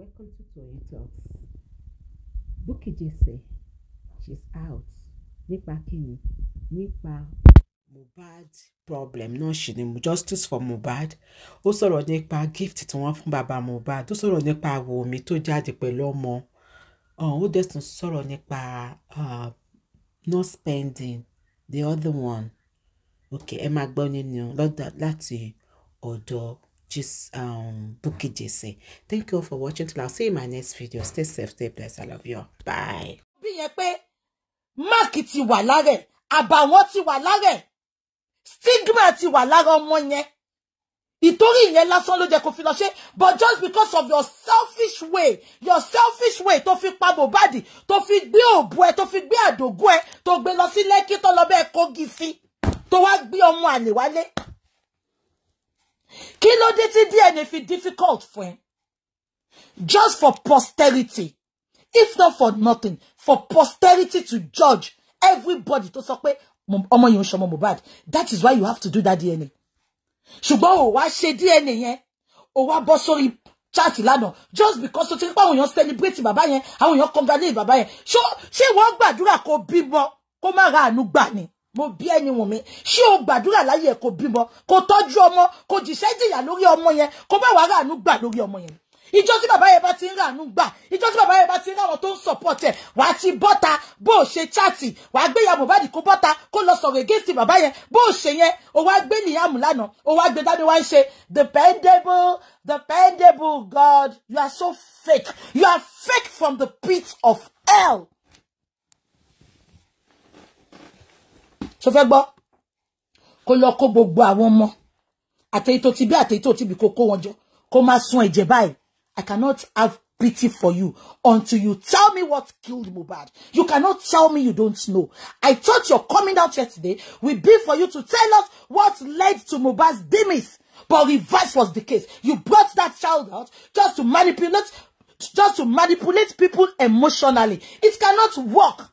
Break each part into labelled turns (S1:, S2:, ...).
S1: welcome to Toyeen Talks. Bukky Jesse, she's out. Nípa kíni? Nípa Mohbad problem náà ṣì ni justice for Mohbad. Ó sọ̀rọ̀ nípa gift tí wọ́n fún bàbá Mohbad. Ó sọ̀rọ̀ nípa àwòmí tó jáde pẹ̀lú ọmọ. Ó dẹ̀ tún sọ̀rọ̀ nípa not spending the other one. Okay, ẹ máa gbọ́ nínú lọ́dà láti ọ̀dọ̀ just um book it, Jesse. Thank you all for watching. Till I'll see you in my next video. Stay safe, stay blessed. I love you Bye. Bí yẹn pé máàkì ti wà lára stigma ti wà lára ọmọ yẹn. Ìtorí ìyẹn lásán ló jẹ́ kó fi lọ ṣe but just because of your selfish way your selfish way tó fi pa Mohbad tó fi gbé òbú ẹ tó fi gbé àdògún ẹ tó gbé lọ sí Lẹ́kí tó lọ bẹ́ẹ̀ kógi sí tó wá gbé ọmọ àlè wálé kí ló dé tí DNA fi difficult fún ẹ just for posterity if not for nothing for posterity to judge everybody tó sọ pé ọmọ yìí ń ṣọmọ Mohbad that is why you have to do that DNA ṣùgbọ́n ò wá ṣe DNA yẹn ò wá bọ́ sórí chat lánàá just because o ti rí pé àwọn èèyàn celebrate bàbá yẹn àwọn èèyàn congratulate bàbá yẹn ṣé wọ́n gbàdúrà kó bímọ kó má ra àánú gbà ni mo bí ẹni wùn mí ṣé o gbàdúrà láyé ẹ kò bímọ kò tọ́jú ọmọ kò jìṣẹ́ jìyà lórí ọmọ yẹn kó bá wàá ràánú gbà lórí ọmọ yẹn ìjọ tí bàbá yẹn bá ti ń ràánú gbà ìjọ tí bàbá yẹn bá ti ń ráwọn tó ń support ẹ wà á ti bọ́ta bó o ṣe chaati wà á gbé ìyá Mohbad kó bọ́ta kó lọ sọ̀rọ̀ against bàbá yẹn bó o ṣe yẹn o wá gbé Liam lánàá o wá gbé dání wá ń ṣe dependable dependable God you are so fake you are fake from the pit of hell. So fẹ́ gbọ́ kó lọ kó gbogbo àwọn ọmọ àtẹ̀yí tó ti bí àtẹ̀yí tó ti bí kó kó wọn jọ kó má sun ẹ̀jẹ̀ báyìí I cannot have pity for you until you tell me what killed Mohbad. You cannot tell me you don't know. I thought your coming out yesterday. today will be for you to tell us what led to Mohbad's demise. But reverse was the case. You brought that child out just to manipulate, just to manipulate people emotionally. It cannot work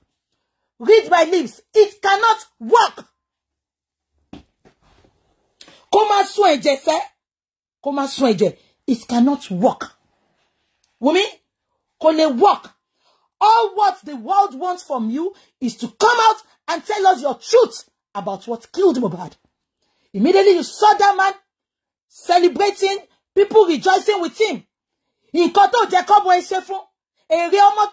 S1: read my lips it cannot work kó má sún ẹ̀jẹ̀ sẹ́ kó má it cannot work wumi kò lè work all what the world wants from you is to come out and tell us your truth about what killed Mohbad immediately you saw that man celebrating people rejoicing with him nǹkan tó jẹ́ kọ́mọ ẹ ṣe fún èrè ọmọ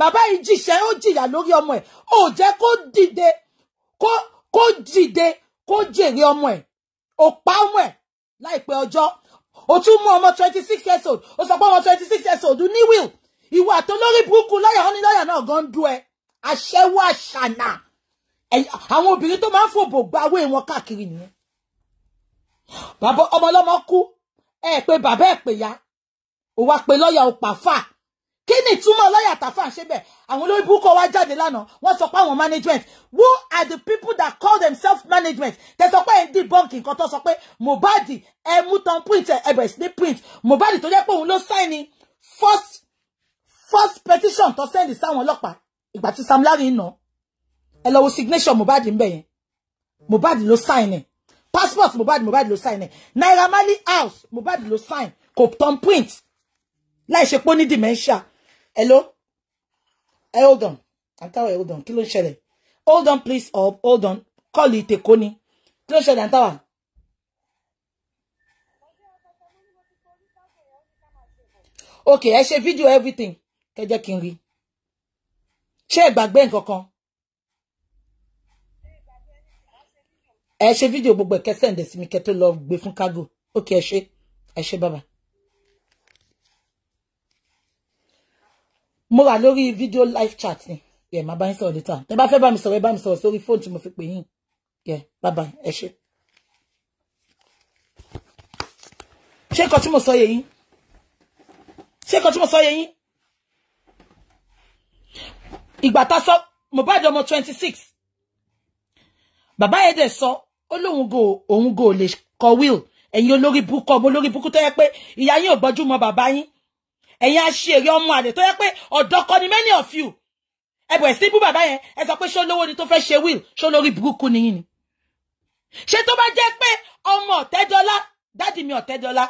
S1: bàbá yìí jìṣẹ́ ó jìyà lórí ọmọ ẹ̀ ó jẹ́ kó dìde kó kó dìde kó jèrè ọmọ ẹ̀ ó pa ọmọ ẹ̀ láìpẹ́ ọjọ́ ó tún mú ọmọ twenty six years old ó sọ pé ọmọ twenty six years old ní will ìwà tó lórí burúkú lọ́yà ọ́ní lọ́yà náà gan du ẹ aṣẹ́wó àṣànà àwọn obìnrin tó máa ń fòbò gba awé wọn káàkiri nìyẹn bàbá ọmọ ọlọ́mọ kú ẹ pé bàbá ẹ pè ya ó wá pé lọ́yà ó pàfà kí ni ìtumọ̀ lọ́yà tàfà ṣe bẹ́ẹ̀ àwọn olórí búkọ wá jáde lánàá wọ́n sọ pé àwọn management who are the people that call themselves management tẹ sọ pé ẹ ń debunk nǹkan tó sọ pé Mohbad ẹ mú tán print ẹ sí print Mohbad tó jẹ́ pé òun ló sign first first petition tó send sáwọn ọlọ́pàá ìgbà tí Sam Larry ń nà ẹ lọ wo signature Mohbad ń bẹ̀ yẹn Mohbad ló sign ẹ̀ passport Mohbad Mohbad ló sign Naira Marley house Mohbad ló sign kò tán print láì ṣe pé ó ní dementia Hello? Hey, hold on. I'm Antawa, hold on. Kí ló ń Hold on, please. Up. Hold on. Call it Èkó ni. Kí ló ń ṣẹlẹ̀, Antawa. Okay, I share video everything. Kaja jẹ́ Share back rí. Ṣé ẹ gbàgbé ṣe video gbogbo ẹ kẹ́ send sí mi kẹ́ tó lọ gbé fún cargo. Okay, ẹ ṣé. Ẹ ṣé bàbá. mo wà lórí video live chat ni yẹ máa bá yín sọ̀rọ̀ later tẹ́ bá fẹ́ bá mi sọ̀rọ̀ ẹ bá mi sọ̀rọ̀ sórí fóònù tí mo fi pè yín yẹ bye bye ẹ ṣé. ṣé nǹkan tí mo sọ yé ṣé nǹkan tí mo sọ yé ìgbà tá a sọ Mohbad ọmọ twenty six bàbá yẹn dẹ̀ sọ ó lóun go òun go lè kọ will ẹ̀yin olórí búkọ ọmọ olórí búkú tó yẹ pé ìyá yín ò gbọ́jú mọ́ bàbá yín ẹ̀yin aṣèrè ọmọ àlè tó yẹ pé ọ̀dọ́kọ ni many of you ẹ bẹ̀rẹ̀ sí bú bàbá yẹn ẹ sọ pé ṣó lówó ni tó fẹ́ ṣe will ṣó lórí burúkú nìyí ni ṣé tó bá jẹ́ pé ọmọ ọ̀tẹ́dọ́lá dádì mi ọ̀tẹ́dọ́lá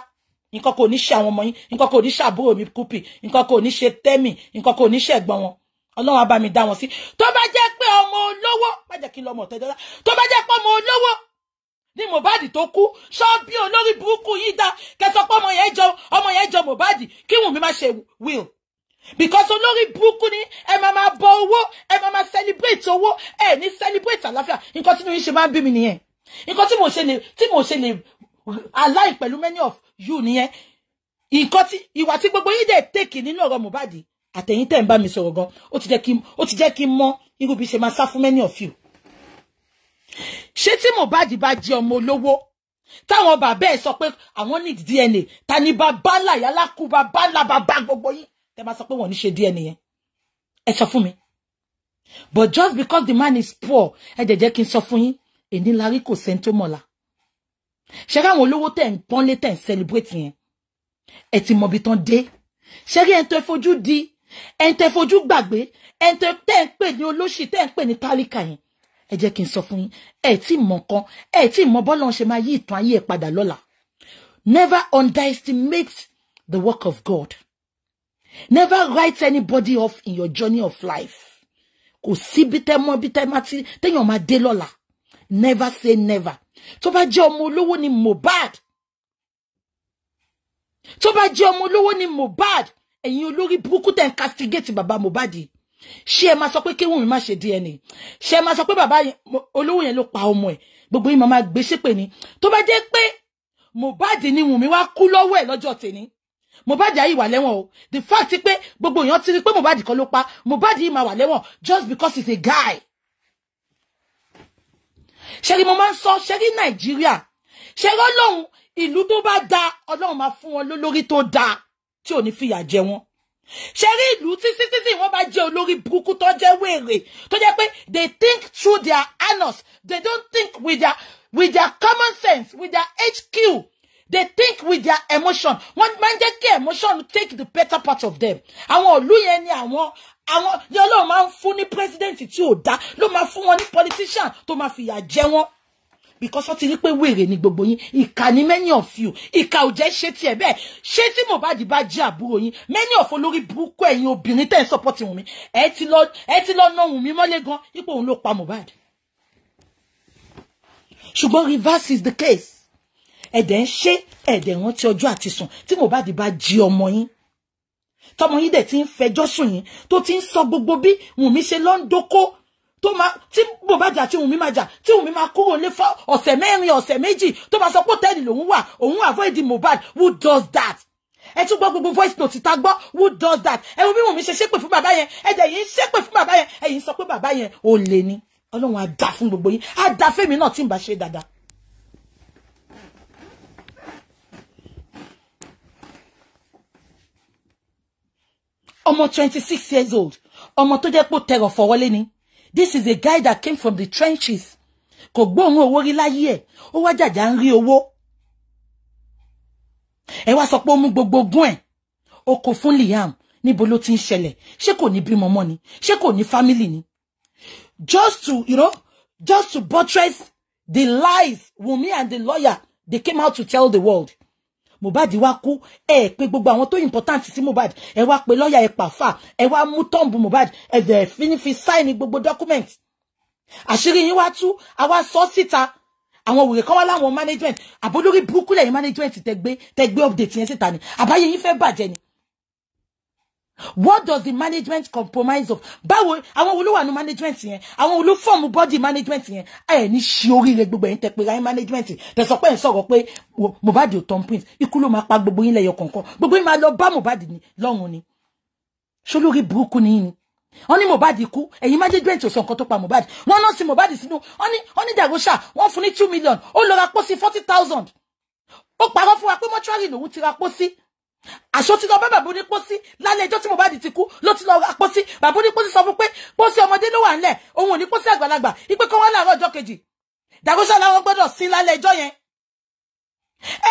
S1: nǹkan kò ní ṣe àwọn ọmọ yín nǹkan kò ní ṣe àbúrò mi kúpì nǹkan kò ní ṣe tẹ́mì nǹkan kò ní ṣe ẹ̀gbọ́n wọn ọlọ́run á bá mi dá wọn sí tó bá jẹ́ pé ọmọ olówó má jẹ́ kí lọ́mọ ọ̀tẹ́dọ́lá tó bá jẹ́ pé ọmọ olówó ní Mohbad tó kú ṣọ́ọ́bí olórí burúkú yìí dá kẹsàn pé ọmọ yẹn jọ ọmọ yẹn jọ Mohbad kí Wùnmí má ṣe will because olórí burúkú ni ẹ máa máa bọ owó ẹ máa máa celebrate owó ẹ ní celebrate àlàáfíà nǹkan tí mo ṣe máa ń bí mi nìyẹn nǹkan tí mo ṣe lè tí mo ṣe lè align pẹ̀lú many of you nìyẹn nǹkan tí ìwà tí gbogbo yín dẹ̀ tèkì nínú ọ̀rọ̀ Mohbad àtẹ̀yìn tẹ̀ ń bá mi sọ̀rọ̀ gan ó ti jẹ́ kí ó ti jẹ́ kí n mọ irú bí ṣe máa sá fún many of you ṣé tí Mohbad bá jẹ ọmọ olówó táwọn bàbá ẹ sọ pé àwọn need DNA ta ni bàbá làyà lákú bàbá làbàbá gbogbo yín tẹ bá sọ pé wọn ní ṣe DNA yẹn ẹ sọ fún mi but just because the man is poor ẹ jẹ́ jẹ́ kí n sọ fún yín èdè ńlá rí kò sẹ́ni tó mọ̀la ṣe káwọn olówó tẹ̀ ń pọ́nlé tẹ̀ ń celebrate yẹn ẹ ti mọbi tán dé ṣe rí ẹni tó fojú di ẹni tó fojú gbàgbé ẹni tó tẹ̀ ń pè ní olóṣì tẹ̀ ń pè ní tálíkà yẹn ẹ jẹ́ kí n sọ fún yín ẹ tí mọ kan ẹ tí mọ bọ́lá ṣe máa yí ìtàn ayé ẹ padà lọ́la never underestimate the work of God never write anybody off in your journey of life kò sí bí tẹ́ mọ̀ bí tẹ́ máa ti téèyàn máa dé lọ́la never say never tó bá jẹ́ ọmọ olówó ni Mohbad tó bá jẹ́ ọmọ olówó ni Mohbad ẹ̀yin olórí burúkú tẹ̀ ń castigate bàbá Mohbad yìí ṣé ẹ máa sọ pé kéwùn mi má ṣe DNA ṣé ẹ máa sọ pé bàbá olówó yẹn ló pa ọmọ ẹ gbogbo yìí máa gbé ṣépè ni tó bá jẹ́ pé Mohbad ni Wùnmí wá kú lọ́wọ́ ẹ̀ lọ́jọ́ tèmi Mohbad yìí wà lẹ́wọ̀n o the fact pé gbogbo èèyàn ti rí pé Mohbad kan ló pa Mohbad yìí máa wà lẹ́wọ̀n just because he's a guy ṣẹ́rí mo máa ń sọ ṣẹ́rí Nàìjíríà ṣẹ́rí ọlọ́run ìlú tó bá da ọlọ́run máa fún wọn lólórí tó da tí ò ní fìyà jẹ wọn ṣe rí ìlú títí títí wọ́n bá jẹ́ olórí burúkú tó jẹ́ wèrè tó jẹ́ pé they think through their anus they don't think with their with their common sense with their HQ they think with their emotion wọ́n máa ń jẹ́ kí emotion take the better part of them àwọn òlú yẹn ni àwọn àwọn yẹn ló máa ń fún ní president tí ò dá ló máa fún wọn ní politician tó máa fìyà jẹ wọ́n because ó ti rí pé wèrè ni gbogbo yín ìkà ni many of you ìkà ò jẹ́ be tiẹ̀ bẹ́ẹ̀ ṣé tí Mohbad bá jí àbúrò yín many of olórí burúkú ẹ̀yin obìnrin tẹ̀ ń support Wùnmí ẹ ti lọ ẹ ti lọ ná Wùnmí mọ́lé gan ipò òun ló pa Mohbad ṣùgbọ́n reverse is the case ẹ̀dẹ̀ ń ṣe ẹ̀dẹ̀ rántí ọjọ́ àti sùn tí Mohbad bá jí ọmọ yín tọmọ yín dẹ̀ ti ń fẹjọ́ sùn yín tó ti ń sọ gbogbo bí Wùnmí ṣe lọ ń dókó tó máa tí bò bá jà tí Wùnmí máa jà tí Wùnmí máa kúrò lé fún ọ̀sẹ̀ mẹ́rin ọ̀sẹ̀ méjì tó máa sọ pé tẹ́lì lòun wà òun avoid Mohbad who does that ẹ tún gbọ́ gbogbo voice note ta gbọ́ who does that ẹ wo bí Wùnmí ṣe ṣépè fún bàbá yẹn ẹ dẹ̀ yìí ṣépè fún bàbá yẹn ẹ̀yìn sọ pé bàbá yẹn ò lè ní ọlọ́run á dá fún gbogbo yín á dá fẹ́mi náà tí ń bá ṣe dáadáa. ọmọ twenty six years old ọmọ tó jẹ́ pé ó tẹrọ̀ fọwọ́lé ni this is a guy that came from the trenches kò gbóòórùn owó rí láyé ẹ̀ ó wá jàjà ń rí owó ẹ wá sọ pé ó mú gbogbo ogún ẹ̀ ó kó fún Liam níbo ló ti ń ṣẹlẹ̀ ṣé kò ní bímọ mọ́ ni ṣé kò ní family ni just to you know just to buttress the lies Wunmi and the lawyer they came out to tell the world Mohbad wá kú ẹ pé gbogbo àwọn tó important sí Mohbad ẹ wá pé lọ́ọ̀yà ẹ pàfà ẹ wá mú tọ́ǹbù Mohbad ẹ dẹ̀ fínífi sáìnì gbogbo document àṣírí yín wá tú àwa sọ síta àwọn wèrè kan wá láwọn management àbólórí burúkú lẹ́yìn management tẹ́gbé tẹ́gbé update yẹn síta ni àbáyé yín fẹ́ bàjẹ́ ni what does the management compromise of báwo àwọn wo ló wà ní management yẹn àwọn wo ló fọ́ọ̀mù body management yẹn ẹ ní ṣe oríire gbogbo ẹ̀yin tẹ pé ra management tẹ sọ pé ẹ sọ̀rọ̀ pé Mohbad ò tán print ikú ló máa pa gbogbo yín lẹ́yọ kọ̀ọ̀kan gbogbo yín máa lọ bá Mohbad ní lọ́run ni ṣolórí burúkú ni yín ni wọ́n ní Mohbad kú ẹ̀yin management ò sọ nǹkan tó pa Mohbad wọ́n náà sin Mohbad sínú wọ́n ní dàgọ́ṣà wọ́n fún ní two million ó lọ ra pósí forty thousand ó parọ́ fún wa pé mọ́ṣúárì lòún ti ra pósí àṣọ ti lọ bá bàbá onípọ́sí lálẹ́ ẹjọ́ tí mo bá di ti kú ló ti lọ ra pósí bàbá onípọ́sí sọ fún pé pósí ọmọdé ló wà nílẹ̀ òun ò ní pósí àgbàlagbà ipe kọ́ wọn láàárọ̀ ọjọ́ kejì dàgóṣà làwọn gbọ́dọ̀ sí lálẹ́ ẹjọ́ yẹn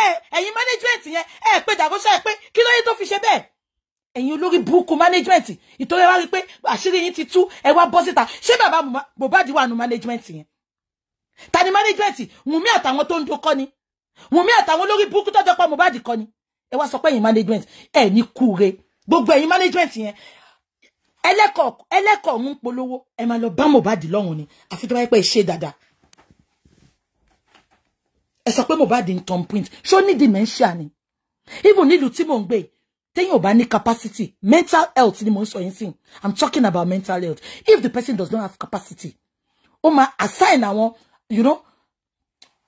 S1: ẹ ẹ̀yin management yẹn ẹ pé dàgóṣà ẹ pé kí ló yẹ tó fi ṣe bẹ́ẹ̀ ẹ̀yin olórí burúkú management ìtọ́jú wa rí pé àṣírí yín ti tú ẹ wá bọ́ síta ṣé bàbá Mohbad wà nù management yẹn ta ni management Wùnmí àtàwọn tó ń dokọ́ ni Wùnmí àtàwọn olórí burúkú tó jọ pa Mohbad kọ́ ni ẹ wá sọ pé ẹ̀yin management ẹ ni kure gbogbo ẹ̀yin management yẹn eleko ẹlẹ́kọ̀ ń polówó ẹ máa lọ bá Mohbad lọ́hùn ni àfi tó bá yẹ pé ẹ ṣe dáadáa ẹ sọ pé Mohbad ń print ṣó ní dementia ni even nílùú tí mò ń gbé téèyàn ò bá ní capacity mental health ni mò ń sọ yín i'm talking about mental health if the person does not have capacity ó máa assign àwọn you know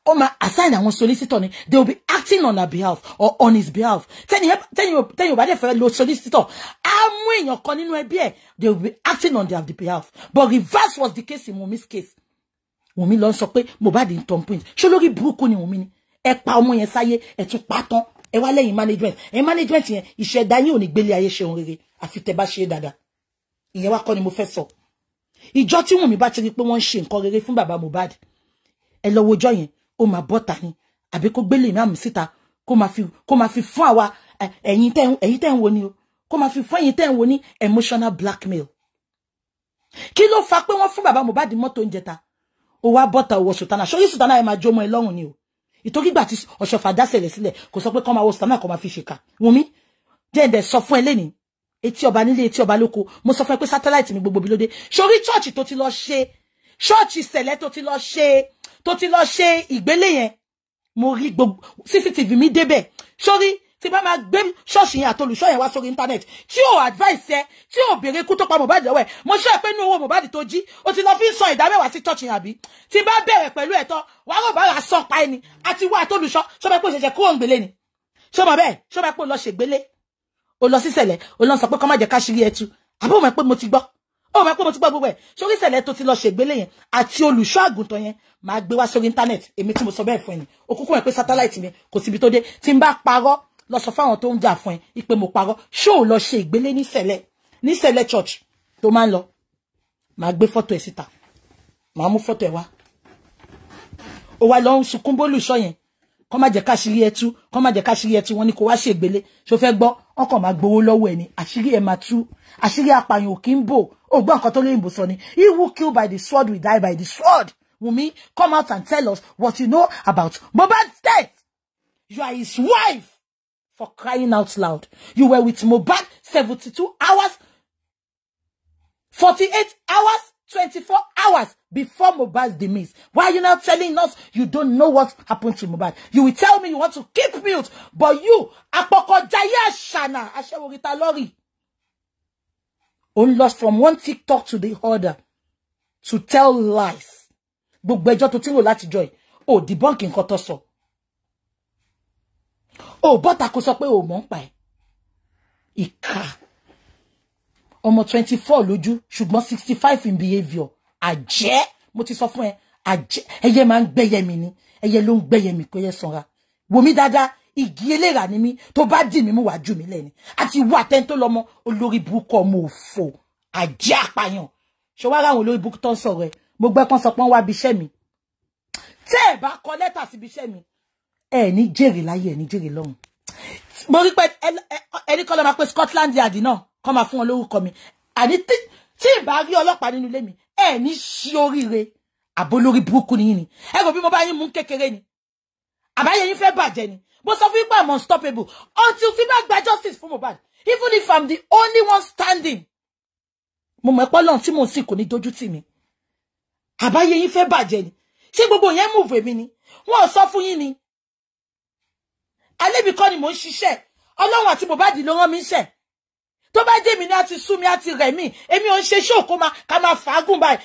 S1: ó my assign àwọn solicitor ni they will be acting on her behalf or on his behalf Tell tẹ́yìn ò bá dẹ̀ fẹ́ lo solicitor á mú èèyàn kan nínú ẹbí ẹ̀ they will be acting on their behalf but reverse was the case in Wunmi's case Wunmi lost ń sọ pé Mohbad ń turn point ṣé lórí At ni Wunmi ni ẹ pa ọmọ yẹn sáyé ẹ tún pa tán management ẹ management yẹn ìṣẹ̀dá yín ò ní gbélé ayé ṣeun rere àfi tẹ́ bá ṣe é dáadáa ìyẹn wá kọ́ He mo fẹ́ sọ ìjọ tí Wunmi bá ti rí pé wọ́n ń ṣe nǹkan rere fún bàbá ó máa bọ́ta ni àbí kó gbélé ìmáàmù síta kó máa fi kó máa fi fún àwa ẹ̀yin tẹ́ ẹ̀yin tẹ́ ń wo ni o kó máa fi fún ẹ̀yin tẹ́ ń wo ní emotional blackmail kí ló fa pé wọ́n fún bàbá Mohbad mọ́tò oúnjẹ ta ó wá bọ́ta ó wọ sùtánà ṣóyí sùtánà ẹ̀ máa jó ọmọ ẹ lọ́rùn ni o ìtókígbà tí ọ̀ṣọ́fà dásẹ̀lẹ̀ sílẹ̀ kò sọ pé kọ́ máa wọ sùtánà kọ́ máa fi ṣèkà Wùnmí jẹ́ǹdẹ̀ sọ fún ẹ lẹ́nìí etí ọba nílé etí ọba lóko mo sọ fún ẹ pé sátáláìtì mi gbogbo bi lóde sórí ṣọ́ọ̀ṣì tó ti lọ ṣe ṣọ́ọ̀ṣì sẹ̀lẹ̀ tó ti lọ ṣe ìgbélé yẹn mo rí gbogbo cctv mi débẹ̀ sórí tí bá máa gbé ṣọ́ọ̀ṣì yẹn àtolùṣọ́ yẹn wá sórí íńtánẹ́ẹ̀tì tí ò advice ẹ tí ò béèrè ikú tó pa Mohbad lọ́wọ́ ẹ̀ mo ṣe é pé inú owó Mohbad tó jí o ti lọ fi ń san ìdá mẹ́wàá sí church yẹn àbí tí bá bẹ̀rẹ̀ pẹ̀lú ẹ̀tọ́ wàá rò bá ra san pa ẹni àti wá àtolùṣọ́ ṣọ́bẹ̀ pé òṣèṣẹ́ kúrò ń gbélé ni ṣọ́bẹ̀ bẹ́ẹ̀ ṣọ́bẹ̀ pé ó lọ ṣègbélé ó lọ sísẹ̀lẹ̀ ó lọ sọ pé kọ́ má jẹ́ káṣírí ẹtu àbí òun mọ̀ pé mo ti gbọ́ ó máa pé mo ti gbọ́ gbogbo ẹ̀ sórí ìṣẹ̀lẹ̀ tó ti lọ ṣègbélé yẹn àti olùṣọ́ àgùntàn yẹn máa gbé wá sórí íńtánẹ̀tì èmi tí mo sọ bẹ́ẹ̀ fún ẹ ni òkúkú ẹ pé sátáláìtì mi kò síbi tó dé tí n bá parọ́ lọ sọ fáwọn tó ń jà fún ẹ ipe mo parọ́ ṣó ò lọ ṣe ìgbélé níṣẹ̀lẹ̀ níṣẹ̀lẹ̀ church tó máa ń lọ máa gbé fọ́tò ẹ̀ síta máa mú fọ́tò ẹ̀ wá ó wá lọ ń sunkún bólùṣọ́ yẹn kọ́ má jẹ́ káṣírí ẹtú kọ́ má jẹ́ káṣírí ẹtú wọn ni kò wá ṣègbélé ṣó fẹ́ gbọ́ wọn kàn máa gbowó lọ́wọ́ ẹni àṣírí ẹ̀ máa tú àṣírí apààyàn kì í bò ògbọ́n nǹkan tó lóyìnbó sọ ni he who kill by the sword will die by the sword Wunmi come out and tell us what you know about Mohbad's death you are his wife for crying out loud you were with Mohbad seventy-two hours forty-eight hours 24 hours before Mohbad's demise. Why are you not telling us you don't know what happened to Mohbad? You will tell me you want to keep mute, but you, Apokojaya Shana, Asheworita Lori, unlost from one TikTok to the other to tell lies. Gbogbo ẹjọ́ tó ti joy. Oh, debunking nǹkan tó sọ. O bọ́ta kò sọ o mọ̀ ń pa ẹ̀ ọmọ twenty four lójú ṣùgbọ́n sixty five in behaviour àjẹ́ mo ti sọ fún ẹ àjẹ́ ẹyẹ máa ń gbẹ́yẹ mi ni ẹyẹ ló ń gbẹ́yẹ mi kó yẹ sanra wò mí dáadáa igi eléra ni mí tó bá dì mí mú wàá jù mí lẹ́ni àti ìwọ àtẹ́ńtó lọ́mọ olórí burúkú ọmọ òfò àjẹ́ àpàyàn ṣé wàá ráwọn olórí burúkú tó ń sọ̀rọ̀ ẹ mo gbẹ́ pọ́n sọ pé wọ́n wá ibiṣẹ́ mi tẹ́ ẹ̀ bá kọ lẹ́tà síbi iṣẹ́ mi ẹ̀ ní jèrè láyé ẹ̀ ní jèrè lọ́run mo rí pé ẹni kọ́ ló máa pe Scotland Yard náà kọ́ máa fún wọn lórúkọ mi àní tí ìbá rí ọlọ́pàá nínú ilé mi ẹ ní ṣí oríire àbó lórí burúkú nìyí ni ẹ rò bí mo bá yín mú kékeré ni àbáyé yín fẹ́ bàjẹ́ ni mo sọ fún yín pé i'm unstoppable until tí bá gba justice fún Mohbad even if i'm the only one standing mo mọ̀ pé Ọlọ́run tí mo sì kò ní dojú tì mí àbáyé yín fẹ́ bàjẹ́ ni ṣé gbogbo yẹn move èmi ni wọn ò sọ fún yín ni alébìkọ́ ni mò ń ṣiṣẹ́ Ọlọ́run àti Mohbad ló rán mi ń ṣẹ́ tó bá jẹ́ mi ní àti sú mi àti rẹ̀ mí èmi ò ń ṣe ṣòkó ma ká máa fàágùn báyìí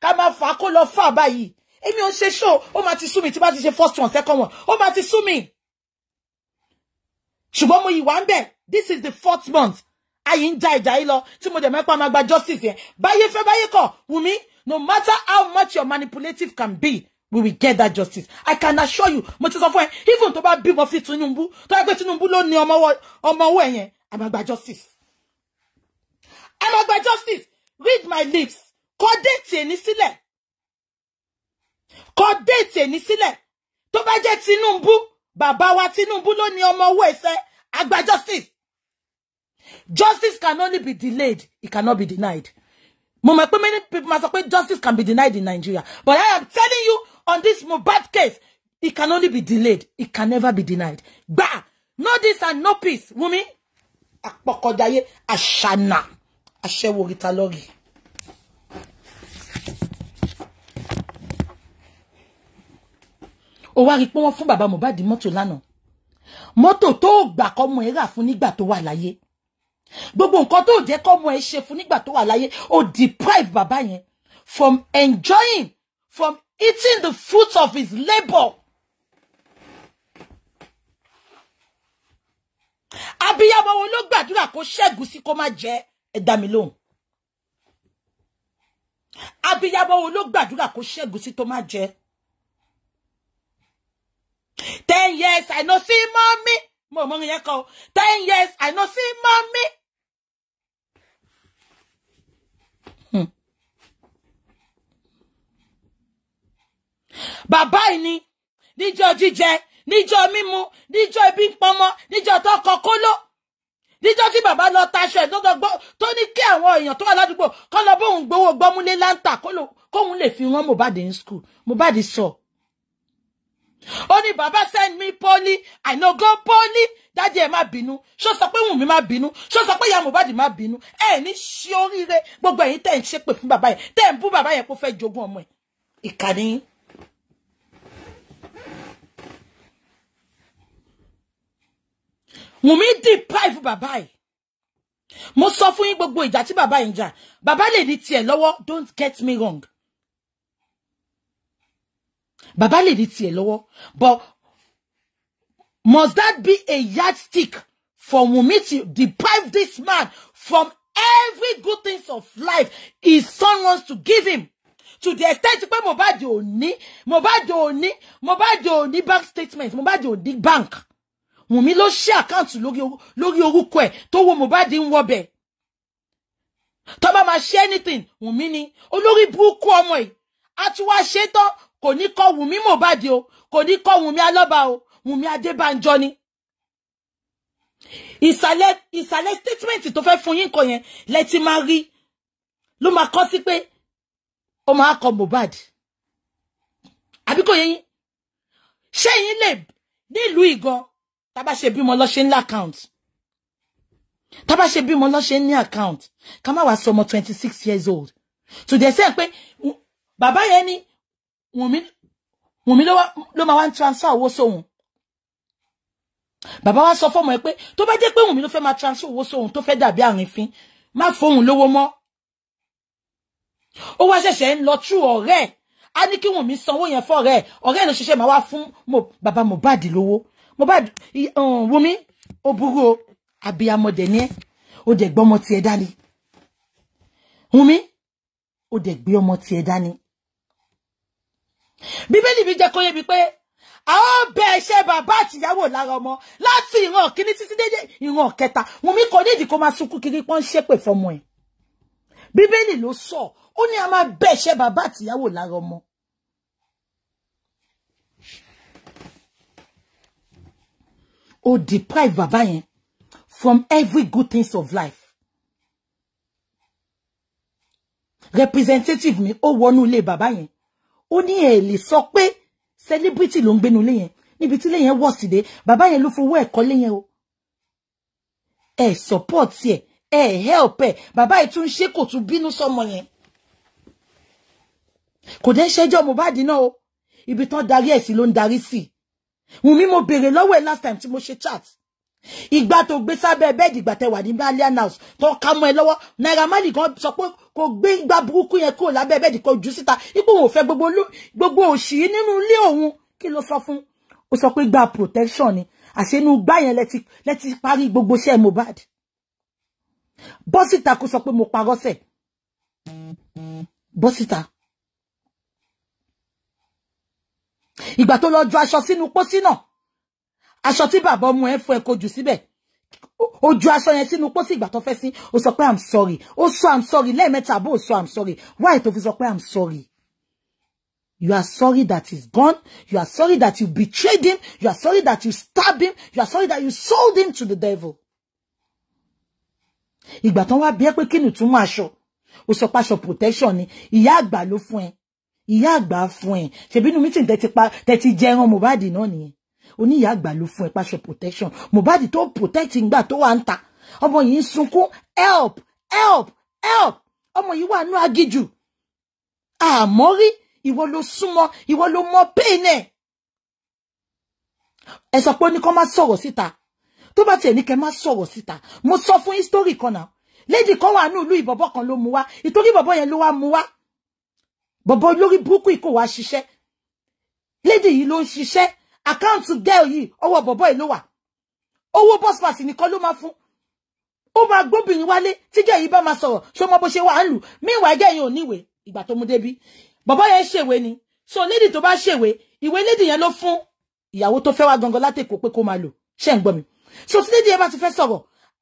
S1: ká máa fà á kó lọ fà báyìí èmi ò ń ṣe ṣó ó máa ti sú mi tí bá ti ṣe first one second one ó máa ti sú mi ṣùgbọ́n mo yìí wá ń bẹ̀ this is the fourth month ayé ń ja ìjà yìí lọ tí mo dẹ̀ mẹ́pà máa gba justice yẹn báyé fẹ́ báyé kọ̀ Wùmí no matter how much your manipulative can be we will get that justice i can assure you mo ti sọ fún ẹ even tó bá bímọ fi Tinubu tó yẹ pé Tinubu ló ní ọmọ ọwọ́ ẹ yẹn I'm about justice I'm about justice read my lips kọ déètì ẹni sílẹ̀ kọ déètì ẹni sílẹ̀ tó bá jẹ́ Tinubu bàbá wa Tinubu ló ní ọmọ owó ẹsẹ̀ a justice justice can only be delayed it cannot be denied mo mọ̀ many people ma sọ justice can be denied in Nigeria but I am telling you on this Mohbad case it can only be delayed it can never be denied gbà no this and no peace woman apọkọjáyé ashana, aṣẹ́wó oríta lọ́rì. ó wá rí i pé wọ́n fún bàbá Mohbad mọ́tò lánàá mọ́tò tó gbà kọ́mọ ẹ̀ rà fún nígbà tó wà láyé gbogbo nǹkan tó jẹ́ kọ́mọ ẹ̀ ṣe fún nígbà tó wà láyé ó deprive bàbá yẹn from enjoying from eating the fruits of his labor. abiyamọ wo ló gbàdúrà kó ṣẹ́gun sí kó má jẹ ẹ mi lóhùn abiyamọ wo ló gbàdúrà kó ṣẹ́gun sí tó má jẹ ten years i no see mommy mo mọ yẹn kọ ten years i no see mommy. Hmm. bàbá yìí ni níjọ́ jíjẹ níjọ́ mímu níjọ́ ibi ń pọmọ níjọ́ tó kọ kóló níjọ́ tí bàbá lọ taṣọ ẹ̀ tó ní kí àwọn èèyàn tó wà ládùúgbò kọ́ lọ bóun gbowó gbọ́múlé láǹtà kóun lè fi rán Mohbad in school Mohbad sọ. ó ní bàbá send me poly I no go poly dájú ẹ má bínú ṣó sọ pé Wùnmí má bínú ṣó sọ pé ìyá Mohbad má bínú ẹ ní ṣe oríire gbogbo ẹ̀yin tẹ́ ń ṣépè fún bàbá yẹn tẹ́ ń bú bàbá yẹn kó fẹ́ jogún ọmọ ẹ̀ ìkànnì yín. Wùmí deprive Baba. ẹ̀ mo sọ fún yín gbogbo ìjà tí Baba yìí ń jà bàbá lè ní tiẹ̀ lọ́wọ́ don't get me wrong bàbá lè ní tiẹ̀ lọ́wọ́ but must that be a yardstick for Wunmi to deprive this man from every good things of life his son wants to give him to the extent pé Mohbad ò ní Mohbad ò ní Mohbad ò ní bank statement Mohbad ò ní bank. Wùnmí ló ṣí àkáǹtì lórí orúkọ ẹ̀ tó wo Mohbad ń wọbẹ̀ tó máa ṣe anything Wùnmí ni olórí burúkú ọmọ ẹ̀ a tún wá ṣe tán kò ní kọ Wùnmí Mohbad o kò ní kọ Wùnmí Alọ́ba o Wùnmí Adébánjọ ni ìsàlẹ̀ ìsàlẹ̀ statement tó fẹ́ fún yín kan yẹn lẹ́tí máa rí ló máa kọ sí pé ó máa kọ Mohbad àbí kò yẹ yín ṣé yín lè nílùú ìgan Taba ṣe bímọ lọ ṣe ní account Taba ṣe bímọ lọ ṣe ní account Kama má wàá sọ twenty six years old So they say, pé bàbá yẹn ni Wùnmí lo máa wá ń transfer owó sóhun Baba wa sọ fọmọ ẹ pé tó bá jẹ́ pé Wùnmí ló fẹ́ transfer owó sóhun tó fẹ́ dàbí àrìnfín má fóun lówó mọ́ ó wá ṣẹ̀ṣẹ̀ ń lọ tú ọ̀rẹ́ ẹ̀ á ní kí Wùnmí sanwó yẹn fọ́ ọ̀rẹ́ ẹ̀ ọ̀rẹ́ ẹ̀ ló ṣiṣẹ́ máa wá fún bàbá Mohbad Mohbad um, Wumi ó burú o abiyamọ dẹ̀ ni ẹ́ ó dẹ̀ gbọ́ ọmọ tiẹ̀ dání Wumi ó dẹ̀ gbé ọmọ tiẹ̀ dání. bíbélì mi jẹ́ kó yé mi pé a ó bẹ ẹ̀ṣẹ̀ bàbá àtìyàwó lára ọmọ láti ìran kìíní títí dé ìran kẹta Wumi kò nídìí kó máa sunkún kiri pọ́n ṣépè fọmọ ẹ̀ bíbélì ló sọ ó ní a máa bẹ ẹ̀ṣẹ̀ bàbá àtìyàwó lára ọmọ Or deprive bàbá from every good things of life representative me ó one ilé bàbá yẹn ó ní ẹ celebrity long ń gbénu ilé yẹn níbi tí ilé yẹn wọ̀ sí dé bàbá o ẹ support ye. Eh help eh bàbá yìí tún ṣe kò tún bínú sọmọ yẹn kò dé ṣẹjọ́ Mohbad náà o ibi tán darí ẹ̀ sí ló ń Wùmí mo béèrè lọ́wọ́ last time tí mo ṣe chat ìgbà tó gbé sábẹ́ bẹ́ẹ̀dì ìgbà tẹ wà ní alien house tó ká mọ́ ẹ lọ́wọ́ Naira Marley kan sọ pé kò gbé igbá burúkú yẹn kúrò lábẹ́ bẹ́ẹ̀dì kò jù síta ipò òun fẹ́ gbogbo òṣì nínú ilé òun kí ló sọ fún ó sọ pé gba protection ni àṣẹnu gbá yẹn lẹ́ti parí gbogbo iṣẹ́ Mohbad bọ́sìta kò sọ pé mo parọ́ sẹ̀ bọ́sìta. ìgbà tó lo ju aṣọ sínú pósí náà aṣọ tí bàbá ọmọ ẹ fún ẹ kó jù síbẹ̀ ó ju aṣọ yẹn sínú pósí ìgbà tó fẹ́ sí o so pé i'm sorry ó sọ i'm sorry lẹ́ẹ̀mẹ́ta àbó sọ i'm sorry why tó fi sọ pé i'm sorry You are sorry that he's gone. You are sorry that you betrayed him. You are sorry that you stabbed him. You are sorry that you sold him to the devil. Ìgbà tán wa bí ẹ pé kí ni ìtumọ̀ aṣọ? O sọ paṣọ protection ni. Ìyá àgbà ló fún ẹ ìyá àgbà fún ẹ ṣèbí inú mítìn tẹ́tí pa tẹ́tí jẹ ẹran Mohbad náà nìyẹn oní ìyá àgbà ló fún ẹ pàṣẹ protection Mohbad tó protect ngbà tó wà ń ta ọmọ yìí ń sunkún help help help ọmọ yìí wà nú agíjù àmọ́ rí ìwọ ló súnmọ́ ìwọ ló mọ pain ẹ̀ ẹ sọ pé ó ní kó má sọ̀rọ̀ síta tó bá tiẹ̀ ní kẹ́ má sọ̀rọ̀ síta mo sọ fún history kan náà lady kan wà ní ìlú ìbọ̀bọ̀ kan ló mú wá ìtorí ìbọ̀bọ̀ yẹn ló wá mú wá bọ̀bọ̀ lórí burúkú yìí kò wá ṣiṣẹ́ lady yìí ló ń ṣiṣẹ́ àkáǹtì girl yìí ọwọ́ bọ̀bọ̀ yìí ló wà owó bọ́sùpàs nìkan ló máa fún ó máa gbóbìnrin wálé tíjẹ́ yìí bá máa sọ̀rọ̀ ṣé ọmọ bó ṣe wà á lù míwàá jẹ́ yẹn ò níwèé ìgbà tó mú débi bọ̀bọ̀ yẹn ṣèwé ni so lady tó bá ṣèwé ìwé lady yẹn ló fún ìyàwó tó fẹ́ wá gangan látẹ̀kọ́ pé kó máa lò ṣé ń gbọ́ mi so tí lady yẹn bá ti fẹ́ sọ̀rọ̀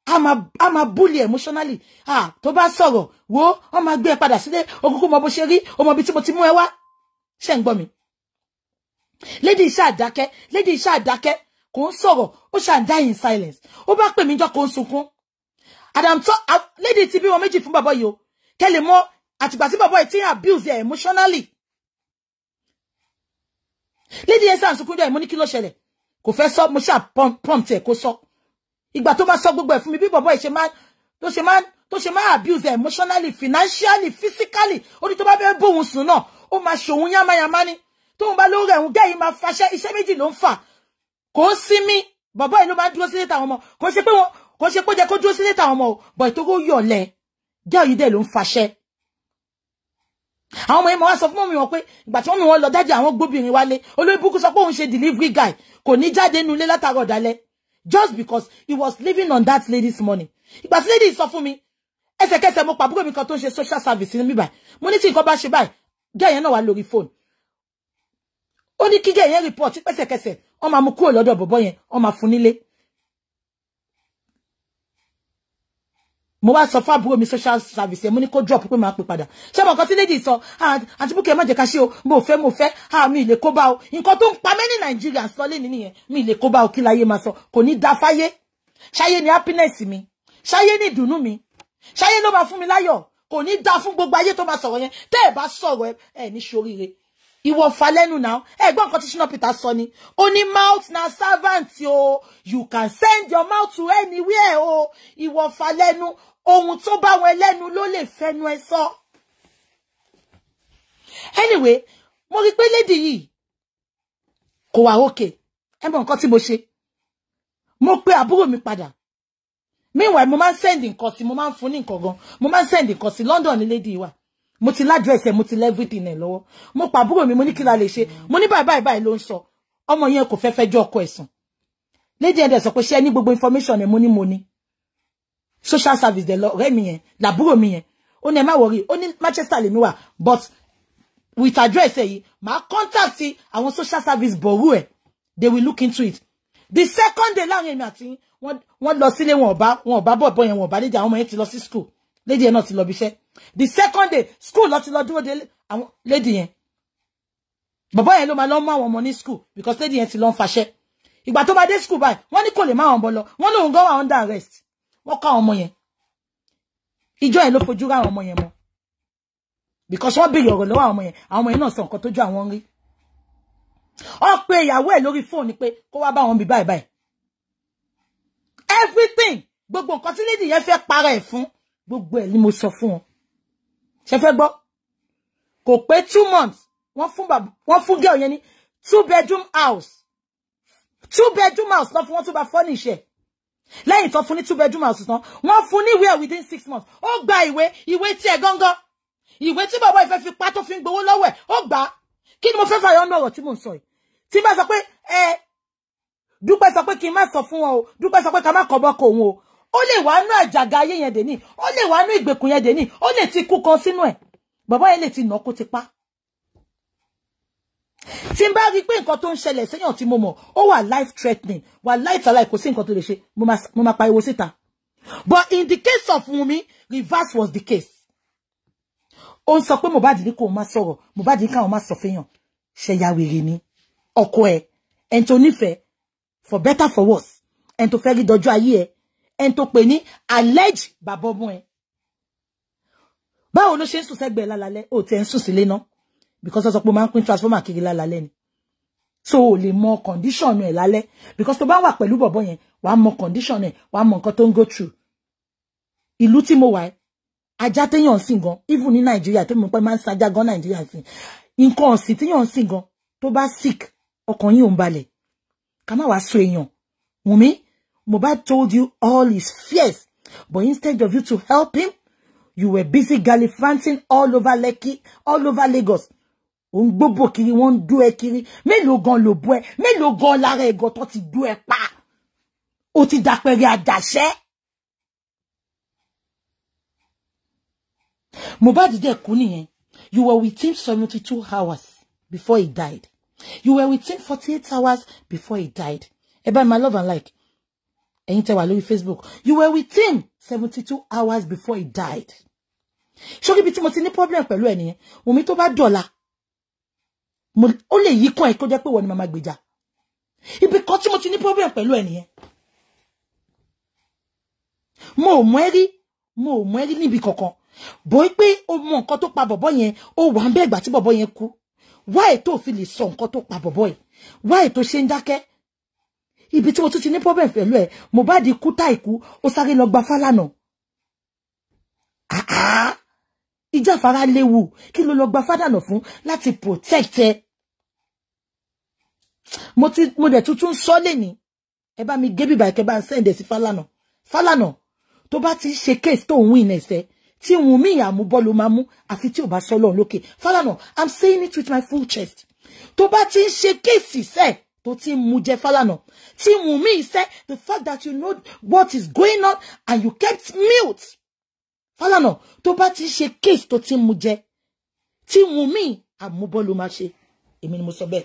S1: a máa a bully emotionally ah tó bá sọ̀rọ̀ wo wọ́n máa gbé Pada, padà sílé okùnkùn mọ bó ṣe rí o mọ ibi tí mo ti mú ẹ wá ṣe ń gbọ́ mi lady iṣẹ́ àdákẹ́ lady iṣẹ́ àdákẹ́ kò ń sọ̀rọ̀ ó die in silence ó bá pè mí jọ kò ń sunkún adam tó lady ti bí wọn méjì fún bàbá yìí o kẹ́lẹ̀ mọ́ àtìgbà tí bàbá yìí ti ń abuse emotionally lady iṣẹ́ àǹsùnkún jọ ẹ̀ mo ní kí ló ṣẹlẹ̀ kò fẹ́ sọ mo ṣáà prompt ẹ̀ kó sọ. So ìgbà tó máa sọ gbogbo ẹ̀ fún mi bi bọ̀bọ̀ ẹ̀ ṣe máa to ṣe máa tó ṣe máa abuse emotionally financially physically orí tó bá fẹ́ bóun O ma ó máa ṣòun yámáyámá ni tóun bá lórí ẹ̀hún gẹ́yìí máa faṣẹ́ iṣẹ́ méjì ló ń fà kò ó sí mí bọ̀bọ̀ ẹ̀ ló máa dúró sílé táwọn ọmọ kò ṣe pé wọn kò ṣe pé ó jẹ́ kó dúró sílé táwọn ọmọ o bọ̀ ètò ó yọ̀lẹ̀ gẹ́yìí dẹ̀ ló ń faṣẹ́ àwọn ọmọ yẹn máa wá sọ fún mọ́mí wọn pé ìgbà tí wọ́n mi wọn lọ dájú àwọn gbóbìnrin wálé olóyìnbó sọ pé òun ṣe delivery guy kò ní jáde nulẹ̀ látàrọ̀ dalẹ̀ just because he was living on that lady's money ìgbà tí lady sọ fún mi ẹsẹ̀kẹsẹ̀ mo pàbúrò mi kan tó ń ṣe social service ní mi báyìí mo ní tí nǹkan bá ṣe báyìí gẹ́ẹ̀ yẹn náà wà lórí fóònù ó ní kí gẹ́ẹ̀ yẹn report pẹ́sẹ̀kẹsẹ̀ wọ́n máa mú kúrò lọ́dọ̀ bọ̀bọ́ yẹn wọ́n máa fún nílé mo wá sọ fáàbù mi social service ẹ mo ní kó drop pé máa pè padà ṣé mo kàn tí lady sọ àti búkẹ́ má jẹ́ ká ṣe o mo fe mo fe. Ha mi le kó bá o nǹkan tó ń pa mẹ́ni Nàìjíríà sọ lẹ́ni nìyẹn mi le kó bá o kí láyé máa sọ kò ní da fáyé ṣáyé ni happiness mi ṣáyé ni dunu mi ṣáyé ló ba fun mi layo. kò ní da fún gbogbo ayé tó máa sọ̀rọ̀ yẹn tẹ́ ẹ bá sọ̀rọ̀ ẹ ní ṣoríire ìwọ falẹ́nu now ẹ̀gbọ́n nǹkan tí Shina Peter sọ ni ó ní mouth na servant o you can send your mouth to anywhere o ìwọ falẹ́nu ohun tó bá wọn ẹlẹ́nu ló lè fẹnu ẹ sọ. anyway mo rí pé lady yìí kò wá òkè ẹ mọ nǹkan tí mo ṣe mo pe àbúrò mi padà meanwhile mo máa ń send nǹkan sí mo máa ń fún ní gan mo máa send nǹkan sí London ni lady wa mo ti ládírẹ́sì ẹ̀ mo ti lẹ́fìtì ẹ̀ lọ́wọ́ mo pa mi mo ní kí la lè ṣe mo ní báyìí báyìí báyìí ló ń sọ ọmọ yẹn kò fẹ́ fẹ́jọ́ ọkọ ẹ̀sùn lédi ẹ̀dẹ̀ sọ pé ṣé ní gbogbo information ẹ̀ mo ní mo ní social service dẹ̀ lọ ọ̀rẹ́ mi yẹn làbúrò mi yẹn ó ní ẹ má wọrí ó ní Manchester lèmi wà but with address ẹ̀ yìí màá contact àwọn social service bọ̀rú ẹ̀ they will look into it the second day láàrin èmi àti wọn lọ sílé wọn ọba wọn ọba bọ̀bọ̀ yẹn wọn ọba lady àwọn ọmọ yẹn ti lọ sí school Lady ẹ̀ náà ti lọ bíṣẹ́ the second day school lọ ti lọ dúró de àwọn lady yẹn bàbá yẹn ló máa lọ mú àwọn ọmọ ní school because lady yẹn ti lọ ń faṣẹ ìgbà tó bá dé school báyìí wọ́n ní kò lè má àwọn ọmọ lọ wọ́n lòun gan wà under arrest wọ́n ká àwọn ọmọ yẹn ìjọ yẹn ló fojú rá àwọn ọmọ yẹn mọ́ because wọ́n béèrè ọ̀rọ̀ lọ́wọ́ àwọn ọmọ yẹn àwọn ọmọ yẹn náà sọ nǹkan tójú àwọn rí ó pe ìyàwó ẹ̀ lórí fóònù pé kó wá bá wọn bí báyìí báyìí everything gbogbo nǹkan tí lady yẹn fẹ́ para ẹ̀ fún gbogbo ẹ̀ ni mo sọ fún wọn ṣe fẹ́ gbọ́ kò pé two months wọ́n fún bàbá wọ́n fún girl yẹn ní two bedroom house two bedroom house náà fún wọn tó bá furnish e. lẹ́yìn tó fún ní two bedroom house tán wọ́n fún ní wíwẹ̀ within six months ó gba ìwé ìwé tí ẹ̀ gángan ìwé tí bàbá ìfẹ́ fi pa tó fi ń gbowó lọ́wọ́ ẹ̀ ó gbà á kí ni mo fẹ́ fàyọ́ nú ọ̀rọ̀ tí mò ń sọ yìí tí bá sọ pé ẹ dúpẹ́ sọ pé kí n má sọ fún o dúpẹ́ sọ pé ká má kọ́ bọ́ kò wọn o ó lè wá nú àjàgà ayé yẹn dèní ó lè wá nú ìgbèkùn yẹn dèní ó lè ti kú kan sínú ẹ̀ bàbá yẹn lè ti nà kó ti pa. tí n bá rí i pé nǹkan tó ń ṣẹlẹ̀ sẹ́yìn tí mo mọ̀ ó wà life threatening wà life alive kò sí nǹkan tó lè ṣe mo máa pariwo síta but in the case of Wunmi reverse was the case. ó ń sọ pé Mohbad ní kò má sọ̀rọ̀ Mohbad ní káwọn má sọ fẹ́yàn ṣẹ̀yà wèrè ni ọkọ ẹ̀ ẹni tó nífẹ̀ẹ́ for better for worse ẹni tó fẹ́ rí dọjọ́ ayé ẹ̀ ẹni tó pè ní alleged babo ọmọ ẹ báwo ló ṣe ń sùn sẹ́gbẹ̀ẹ́ lálalẹ́ ò tẹ́ ń sùn sílé náà because ó sọ pé ó máa ń pín transformer kiri lálalẹ́ ni so o lè mọ condition ẹ̀ lálẹ́ because tó bá wà pẹ̀lú bọ̀bọ̀ yẹn wàá mọ condition ẹ̀ wàá mọ nǹkan tó ń go through ìlú tí mo wà ajá téèyàn ń sìn gan even ní nàìjíríà tó mọ pé máa ń sajá gan nàìjíríà sìn nǹkan ọ̀sìn téèyàn ń gan tó bá sick ọkàn yìí ò ń balẹ̀ ká má wàá so èèyàn wùmí Mohbad told you all his fears, but instead of you to help him, you were busy gallivanting all over Lekki, all over Lagos. Ó ń gbogbo kiri, wọ́n dú ẹ kiri. lo gan ló bú ẹ, mélòó gan lára ẹ̀gọ́ tó ti dú e pa. Ó ti dàpẹ̀rẹ̀ àdàṣẹ́. Mohbad dẹ̀ kú nìyẹn. You were with him 72 hours before he died. You were with him 48 hours before he died. Eba my love and like ẹ̀yin tẹ́ wà lórí Facebook you were with him seventy two hours before he died ṣókí ibi tí mo ti ní problem pẹ̀lú ẹ̀ nìyẹn Wùmí tó bá dọ̀la ó lè yí kàn ẹ̀ kó jẹ́ pé wọ́n ni màmá gbèjà ibi kan tí mo ti ní problem pẹ̀lú ẹ̀ nìyẹn mo ò mọ ẹ rí mo ò mọ ẹ rí níbi kankan bó pé o mọ nǹkan tó pa bọ̀bọ̀ yẹn o wà ń bẹ́ẹ̀ gbà tí bọ̀bọ̀ yẹn kú wáyé tó fi lè sọ nǹkan tó pa bọ̀bọ̀ yẹn wáyé tó ṣe ń dákẹ́ ibi tí mo tún ti ní problem pẹ̀lú ẹ̀ Mohbad kú tá ìkú ó sáré lọ gba Fálànà ìjáfara léwu kí ló lọ gba Fálànà fún láti protect ẹ mo ti mo dẹ̀ tuntun sọ lẹ́ni ẹ bá mi gé bíbá ẹ̀kẹ́ bá ń sẹ́ǹdẹ̀ sí Fálànà Fálànà tó bá ti ṣe case tó ń win ẹ̀sẹ̀ tí òun mí ìyàmú bọ́ ló máa mú àfi tí ò bá sọ lọ́run lókè Fálànà I'm saying it with my full chest tó bá ti ń ṣe kéèsì sẹ́ẹ̀ tó ti ń jẹ Falana tí Wunmi said the fact that you know what is going on and you kept mute Falana tó bá ti ṣe case tó ti ń mu jẹ tí Wunmi àmúbọ́ ló máa ṣe èmi ni mo sọ bẹ́ẹ̀.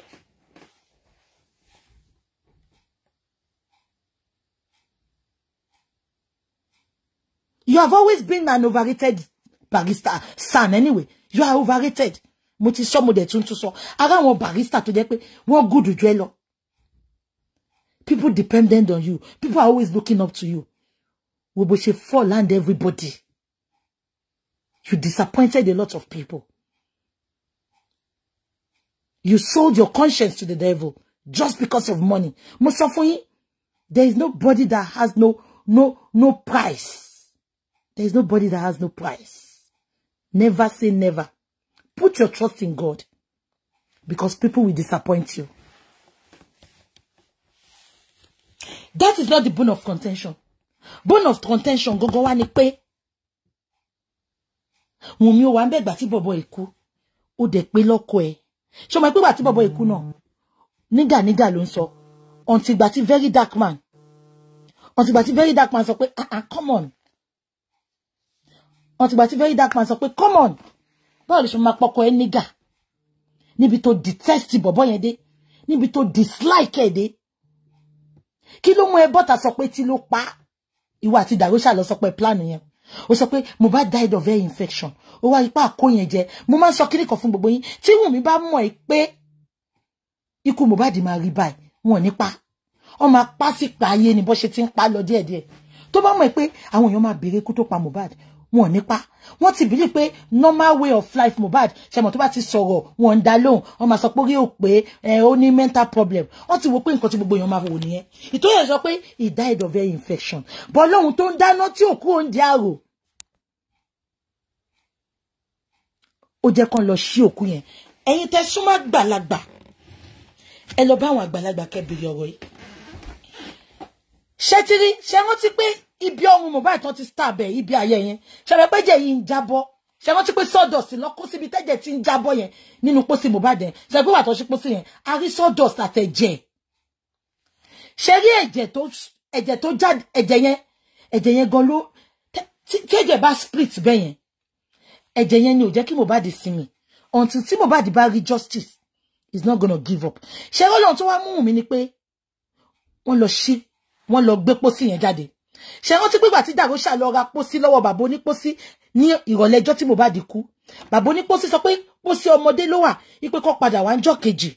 S1: You have always been an overrated barista san anyway. You are overrated. Mo ti sọ mo dẹ̀ tún tún sọ. Ara àwọn barista tó jẹ́ pé wọ́n gùdù jù lọ. People dependent on you. People are always looking up to you. Woboshe fall and everybody. You disappointed a lot of people. You sold your conscience to the devil just because of money. Musafoyi, there is nobody that has no no no price. There is nobody that has no price. Never say never. Put your trust in God. Because people will disappoint you. that is not the bone of contention bone of contention go wá ni pé Wùnmí ó wà ń bẹ̀ gbà tí bọ̀bọ̀ èkú ó dẹ̀ pé lọ́kọ ẹ̀ ṣé o mọ̀ pé gbà tí bọ̀bọ̀ èkú náà nígà nígà ló ń sọ very dark man Until gbà tí very dark man sọ pé ah ah come on Until gbà tí very dark man sọ pé come on báwo lè ṣe máa pọkọ ẹ nígà níbi tó detest bọ̀bọ̀ yẹn dé níbi tó dislike e de kí ló mú ẹ bọ́tà sọ pé tí ló pa ìwà àti dàrúṣà lọ sọ pé plan yẹn ó sọ pé Mohbad died of air infection ó wá ipá àkó yẹn jẹ mo máa ń sọ kíníkan fún gbogbo yín tí Wùnmí bá mọ̀ ẹ́ pé ikú Mohbad máa rí báyìí wọn ò ní pa ọ máa pa sípa ayé ni bó ṣe ti ń pa lọ díẹ̀díẹ̀ tó bá mọ̀ ẹ́ pé àwọn èèyàn máa béèrè ikú tó pa Mohbad wọn ò nípa wọn ti bílí pé normal way of life Mohbad ṣẹmọ tó bá ti sọ̀rọ̀ wọn ń dá lóhùn wọn máa sọ pé rí o pé ó ní mental problem wọn ti wo pé nǹkan tí gbogbo èèyàn máa wò nìyẹn ìtòyè sọ pé he died of air infection bọ́ lóhun tó ń dáná tí òkú oúnjẹ àrò ó jẹ́ kán lọ sí òkú yẹn ẹ̀yin tẹ́ súnmọ́ àgbàlagbà ẹ lọ bá àwọn àgbàlagbà kẹ́bìrì ọ̀rọ̀ yìí ṣé ti rí ṣé pé ibi ọ̀run Mohbad tán ti star bẹ̀ ibi ayẹ yẹn ṣẹlẹ̀ péjẹ yìí ń jábọ́ ṣe rántí pé sawdust lọ kó síbi tẹ́jẹ̀ ti ń jábọ́ yẹn nínú pósí Mohbad yẹn ṣe pé wà tó ṣe pósí yẹn a rí sawdust àtẹ̀jẹ̀ ṣe rí ẹ̀jẹ̀ to ẹ̀jẹ̀ tó já ẹ̀jẹ̀ yẹn ẹ̀jẹ̀ yẹn gan ló tí ẹ̀jẹ̀ bá split bẹ́ yẹn ẹ̀jẹ̀ yẹn ni ò jẹ́ kí Mohbad sinmi until tí Mohbad bá rí justice is not gonna give up ṣe rọ́lọ́run tó wá mú mi ni pé wọ́n lọ ṣí wọ́n lọ gbé pósí yẹn jáde ṣe rántí pé ìgbà tí Dàróṣà lọ ra pósí ni bàbá onípósí ní ìrọ̀lẹ́ ẹjọ́ tí Mohbad kú bàbá onípósí sọ pé pósí ọmọdé ló wà ipe kó padà wá níjọ́ kejì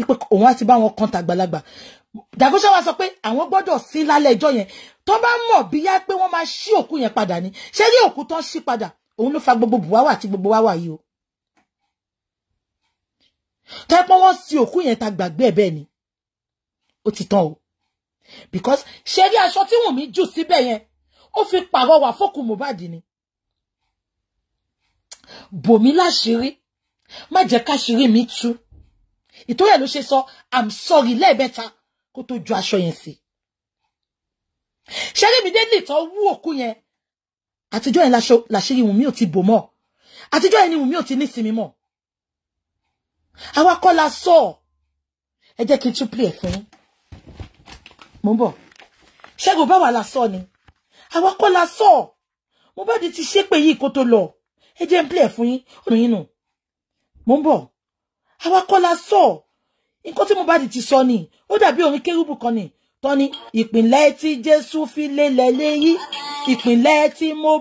S1: ipe òun á ti bá wọn kan tàgbàlagbà Dàróṣà wá sọ pé àwọn gbọ́dọ̀ sí lálẹ́ ẹjọ́ yẹn tó bá mọ̀ bíyá pé wọ́n máa ṣí òkú yẹn padà ni ṣé rí òkú tán ṣí padà òun ló fa gbogbo bùwá wà tí gbogbo wá wà yìí o tẹ́pọ́n wọ́n sí òkú yẹn ta gbàgbé ẹ̀ ni ó ti tán o because ṣe rí aṣọ tí Wùnmí jù síbẹ̀ yẹn ó fi pàrọwà fókù Mohbad ni bòmí láṣìírí má jẹ́ káṣìírí mi tú ìtòyẹ̀ ló ṣe sọ i'm sorry lẹ́ẹ̀mẹ́ta kó tó ju aṣọ yẹn sí ṣe rí mi dé lè tọ́ wú òkú yẹn àtijọ́ yẹn làṣírí Wùnmí ò ti bò mọ́ àtijọ́ yẹn ni Wùnmí ò ti ní sinmi mọ́ àwa kọ́ la sọ ẹ jẹ́ kí n tún play ẹ̀ fún yín mo ń go ṣẹ́gun wa la lásọ ni àwa kọ́ lásọ Mohbad ti ṣépè yìí kó tó lọ ẹ jẹ́ ń plẹ̀ fún yín ọ̀nà yín nù mo ń bọ̀ àwa kọ́ lásọ nǹkan tí Mohbad ti sọ ni ó dàbí orin kérúbù kan ni tọ́ni ìpínlẹ̀ tí Jésù fi le yi. ìpínlẹ̀ tí mo.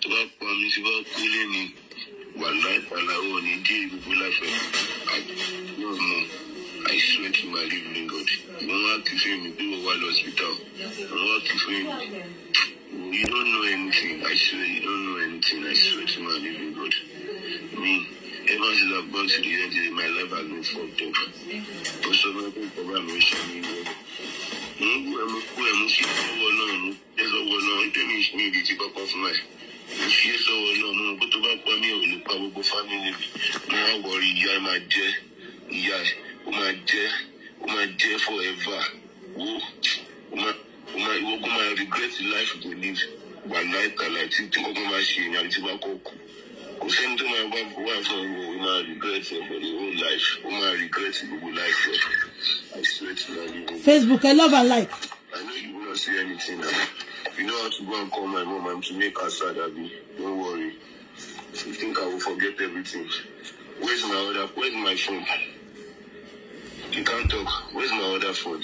S2: tí bá pa mi tí bá kú lé ni wàlá ìpàlà ò ní dé ìgbogbo láfẹ àbúrò mọ I swear to my living God wọn wá kí fún mi bí wọn wá lọ hospital wọn wá kí fún mi you don't know anything I swear you don't know anything I swear to my living God me ever since I got to the end of my life I been fucked up but some of the program wey ṣe mi wọ mo ń kú ẹmu kú ẹmu sí ọwọ́ náà mo ń tẹ́sọ̀ ọwọ́ náà ń tẹ́mi ní ìdí tí kọ́kọ́ fún ẹ ní sọ̀rọ̀ náà mo rò tó bá pa mí ò lè pa gbogbo fámìlì mi mo wá wọrí ìyá máa jẹ́ ìyá ó máa jẹ́ ó máa jẹ́ forever wo ó máa ìwọ kó máa regret life to live gbà láì kàlà tí tí kò máa ṣe èèyàn àti bá kọ́ kù kò sẹ́ni tó máa bá wà fún ọmọ ó máa regret ẹ̀ pẹ̀lú ó life ó máa regret gbogbo life ẹ̀ I swear to God.
S1: Facebook I love and like. I know you will see anything now. You
S2: know how to go and call my mom and to make her sad, Abby. Don't worry. You think I will forget everything. Where's my other where's my phone? You can't talk. Where's my other phone?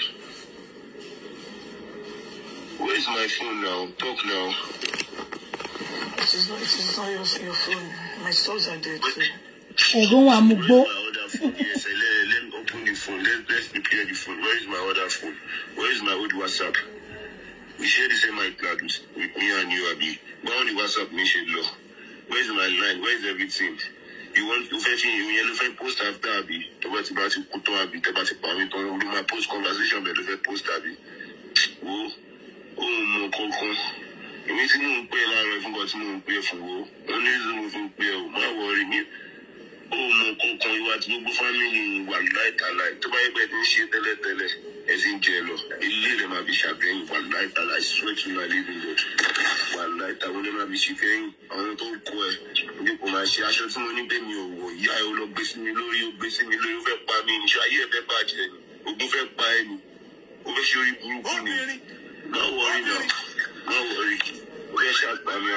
S2: Where's my phone now? Talk now. It is not, it is not your, your phone. My souls are dead.
S1: Ẹ̀gbọ́n wa mú gbó. Yes,
S2: let, let me open the phone. Let, let's prepare the phone. Where is my other phone? Where is my old WhatsApp? we share the same iCloud with me and you abi báwo ni WhatsApp mi ṣe lọ where is my line where is everything you want o fẹ́ fi ìyẹn yẹn ló fẹ́ post after abi tọ́ba ti bá ti kú tán abi tọ́ba ti pa mí tán ló máa post conversation bẹ́ẹ̀ ló fẹ́ post abi wo ohun mọ̀ kankan èmi tí mò ń pè láàárọ̀ ìfúnkọ̀ tí mò ń pè fún wo ó ní ìṣòro fún pé o má wọrí mi òun nǹkan kan ìwà tí gbogbo fámìlì wà láìtàlà tó bá yẹ pé ti ń ṣe tẹ́lẹ̀tẹ́lẹ̀ ẹ ti ń jẹ lọ ilé rẹ̀ máa fi ṣàfihàn wà láìtàlà ìṣúwẹ́tì máa lè lò lọ́dún wà láìtàlà olè máa fi ṣe fẹ́yìn àwọn tó ń kọ ẹ ní kò máa ṣe aṣọ tí mo ní bẹ́ẹ̀ mi ò wọ̀ ìyá ẹ lọ gbé sí mi lórí ó gbé sí mi lórí ó fẹ́ pa mí ní ayé ẹ fẹ́ bàjẹ́ ogun fẹ́ pa ẹ ni ó fẹ́ ṣe orí burúkú ni má wọrí náà má wọrí ó fẹ́ ṣàgbàmí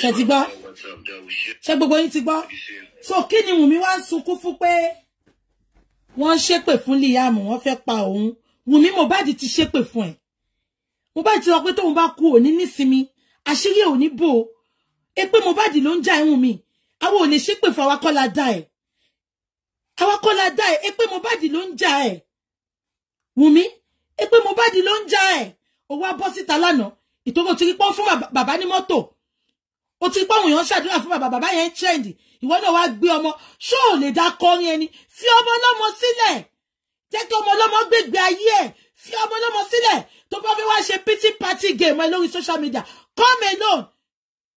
S1: ṣe ti gbọ́ ṣe gbogbo yín ti gbọ́ so kí ni Wùnmí wá ń sunkún fún pé wọ́n ṣépè fún Liam wọ́n fẹ́ pa òun Wùnmí Mohbad ti ṣépè fún ẹ̀ Mohbad ti sọ pé tóun bá kú òní nísinmi àṣírí òní bò ó èpè Mohbad ló ń já ẹ̀hún mi àwọn ò lè ṣépè fún awakọ́lá dá ẹ̀ awakọ́lá dá ẹ̀ èpè Mohbad ló ń já ẹ̀ Wùnmí èpè Mohbad ló ń já ẹ̀ ó wá bọ́ síta lánàá ìtòkò ti rí pọ́n fún bàbá ní mọ́tò ó ti pọ́n èèyàn ṣàdúrà fún bàbá bàbá yẹn trend ìwọ náà wá gbé ọmọ ṣó ò lè dá kọrin ẹni fi ọmọ ọlọ́mọ sílẹ̀ jẹ́ kí ọmọ ọlọ́mọ gbégbé ayé ẹ̀ fi ọmọ ọlọ́mọ sílẹ̀ tó bá fẹ́ wá ṣe pity party game ẹ lórí social media come alone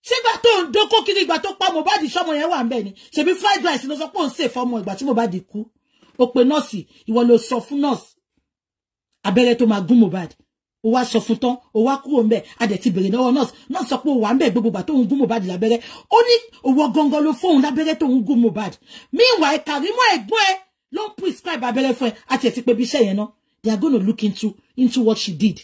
S1: ṣégbà tó ń dókó kiri ìgbà tó pa Mohbad ṣọmọ yẹn wà ń bẹ ni ṣebí fried rice ló sọ pé òun ṣe fọmọ ìgbà tí Mohbad kú ó pe nọ́ọ̀sì ìwọ ló sọ fún nọ́ọ̀sì abẹ́rẹ́ tó máa gún Mohbad o wá sọ fún tán o wá kúrò ńbẹ̀ a dẹ̀ ti bèrè lọ́wọ́ nọ́ọ̀sì náà sọ pé o wà ńbẹ̀ gbogbo gbà tóun gún Mohbad lábẹ́rẹ́ ó ní òwò gangan ló fóun lábẹ́rẹ́ tóun gún Mohbad meanwhile Karimo ẹ̀gbọ́n ẹ ló ń prescribe abẹ́rẹ́ fún ẹ àti ẹ̀ ti pé bí yẹn náà they are gonna look into into what she did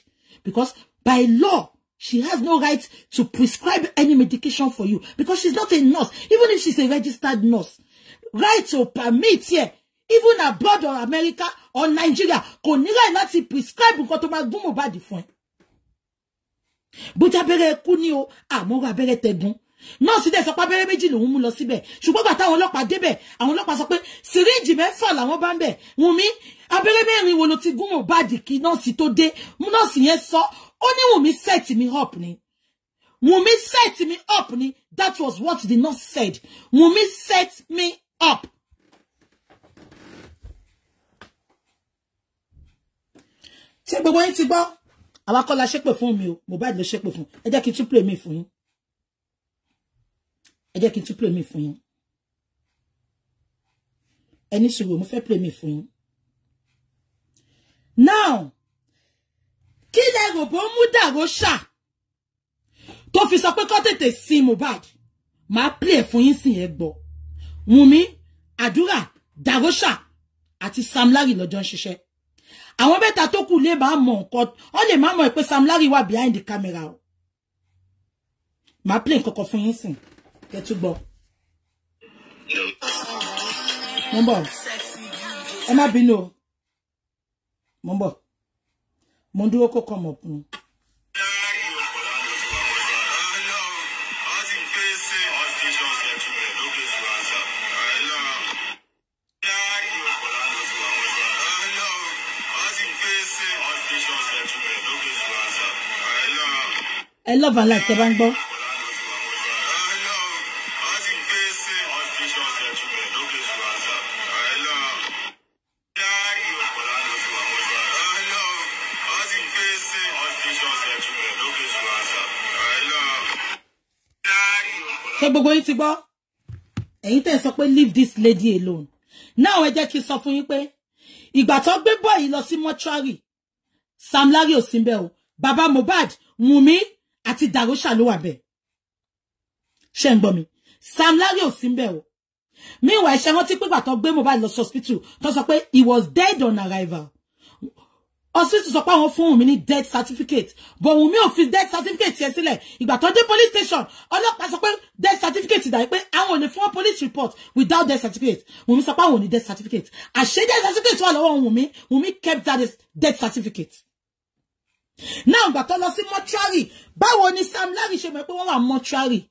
S1: because by law She has no right to prescribe any medication for you because she's not a nurse, even if she's a registered nurse. Right to permit here, yeah, even abroad or America ọ nàìjíríà kò ní láì láti prescribe nǹkan tó máa gún Mohbad fún ẹ bójá abẹ́rẹ́ kú ní o àmọ́ra abẹ́rẹ́ tẹ̀gún nọ́ọ̀sì dẹ̀ sọ pé abẹ́rẹ́ méjì lòún mú lọ síbẹ̀ ṣùgbọ́n gbà táwọn ọlọ́pàá débẹ̀ àwọn ọlọ́pàá sọ pé síríǹjì mẹ́fà làwọn bá ń bẹ̀ Wùnmí abẹ́rẹ́ mẹ́rin wo ló ti gún Mohbad kí nọ́ọ̀sì tó dé nọ́ọ̀sì yẹn sọ ó ní Wùnmí set me up ni Wùnmí set me up ni that was what the nurse said Wùnmí set me up ṣé gbogbo yín ti gbọ́ àwa kọ́ la ṣépè fún mi o Mohbad ló ṣépè fún ẹ jẹ́ kí n tún play mi fún yín ẹ jẹ́ kí n tún play mi fún yín ẹni sùúrù mo fẹ́ play mi fún yín. now kí lẹ rò bó mú dàrú ṣà tó fi sọ pé kó tètè sin Mohbad máa play fún yín sì yẹn gbọ́ Wùnmí àdúrà dàrú ṣà àti Sam Larry lọ́jọ́ ń àwọn mẹ́ta tó kù lè máa mọ nǹkan ọ lè máa mọ pé Sam Larry wà behind the camera o màá play nǹkan kan fún yín sìn kẹ́ tún gbọ́. mo ń bọ̀ ẹ má bínú o mo ń bọ̀ mo ń dúró kó kọ́ ọmọ ọkùnrin. ẹ love and like tẹ́ bá ń gbọ́. ṣé gbogbo yín ti gbọ́ ẹ̀yin tẹ́ sọ pé leave this lady alone now ẹ jẹ́ kí n sọ fún yín pé ìgbà tó gbé bọ́ọ̀ yìí lọ sí mọ́ṣúárì Sam Larry ò sí ńbẹ̀ o bàbá Mohbad Wùnmí àti dàrósà ló wà bẹ́ẹ̀ ṣe ń gbọ́ mi Sam Larry ò sí ń bẹ̀ o meanwhile ṣe rántí pé pàtó gbé Mohbad lọ hospital tó sọ pé he was dead on arrival hospital sọ pé àwọn fún Wunmi ní death certificate but mi ò fi death certificate yẹn sílẹ̀ ìgbà tó dé police station ọlọ́pàá sọ pé death certificate dàbí pé àwọn ò ní fún police report without death certificate Wunmi sọ pé àwọn ò ní death certificate àṣé death certificate wà lọ́wọ́ Wunmi Wunmi kept that death certificate now gbà all lọ sí mọ́túárì báwo Sam Larry ṣe mọ̀ pé wọ́n wà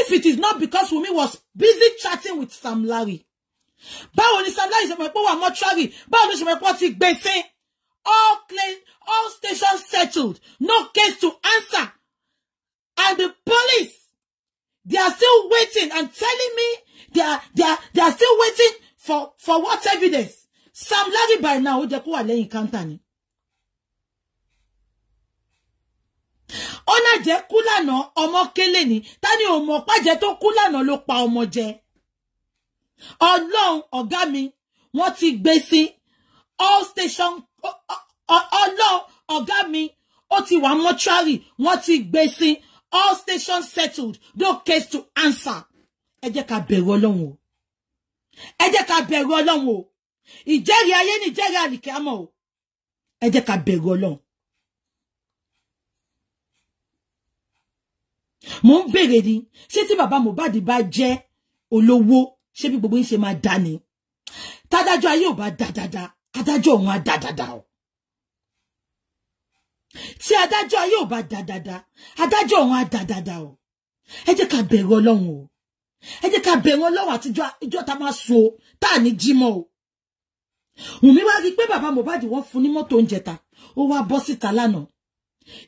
S1: if it is not because Wumi was busy chatting with Sam Larry báwo ni Sam Larry ṣe mọ̀ pé wọ́n wà mọ́túárì báwo ni ṣe to pé wọ́n e all claims, all stations settled no case to answer and the police they are still waiting and telling me they are they are they are still waiting for for what evidence Sam Larry by now ó jẹ́ kó wà lẹ́yìn counter ọlájẹ kú lánàá ọmọ kélé ni ta ni ò mọ̀ pàjẹ́ tó kú lánàá ló pa ọmọ jẹ ọlọ́run ọ̀gá mi wọ́n ti gbé sí all station ọlọ́run ọ̀gá mi ó ti wà mọ́ṣúárì wọ́n ti gbé sí all station settled no case to answer ẹ jẹ́ ká bẹ̀rù ọlọ́run o ẹ jẹ́ ká bẹ̀rù ọlọ́run o ìjẹ́rìí ayé ni ìjẹ́rìí àlìkẹ́ àmọ́ o ẹ jẹ́ ká bẹ̀rù ọlọ́run mo ń béèrè ni ṣé tí bàbá Mohbad bá jẹ́ olówó ṣé bí gbogbo yín ṣe máa dá ni tádájọ́ ayé ò bá dá dáadáa adájọ́ òun á dá dáadáa o tí adájọ́ ayé ò bá dá dáadáa adájọ́ òun á dá dáadáa o ẹ jẹ́ ká bẹ̀rù Ọlọ́run o ẹ jẹ́ ká bẹ̀rù Ọlọ́run àtijọ́ ìjọ tá máa so tá à ní jímọ̀ o Wùnmí wá rí i pé bàbá Mohbad wọ́n fún ní mọ́tò oúnjẹ ta ó wá bọ́ síta lánàá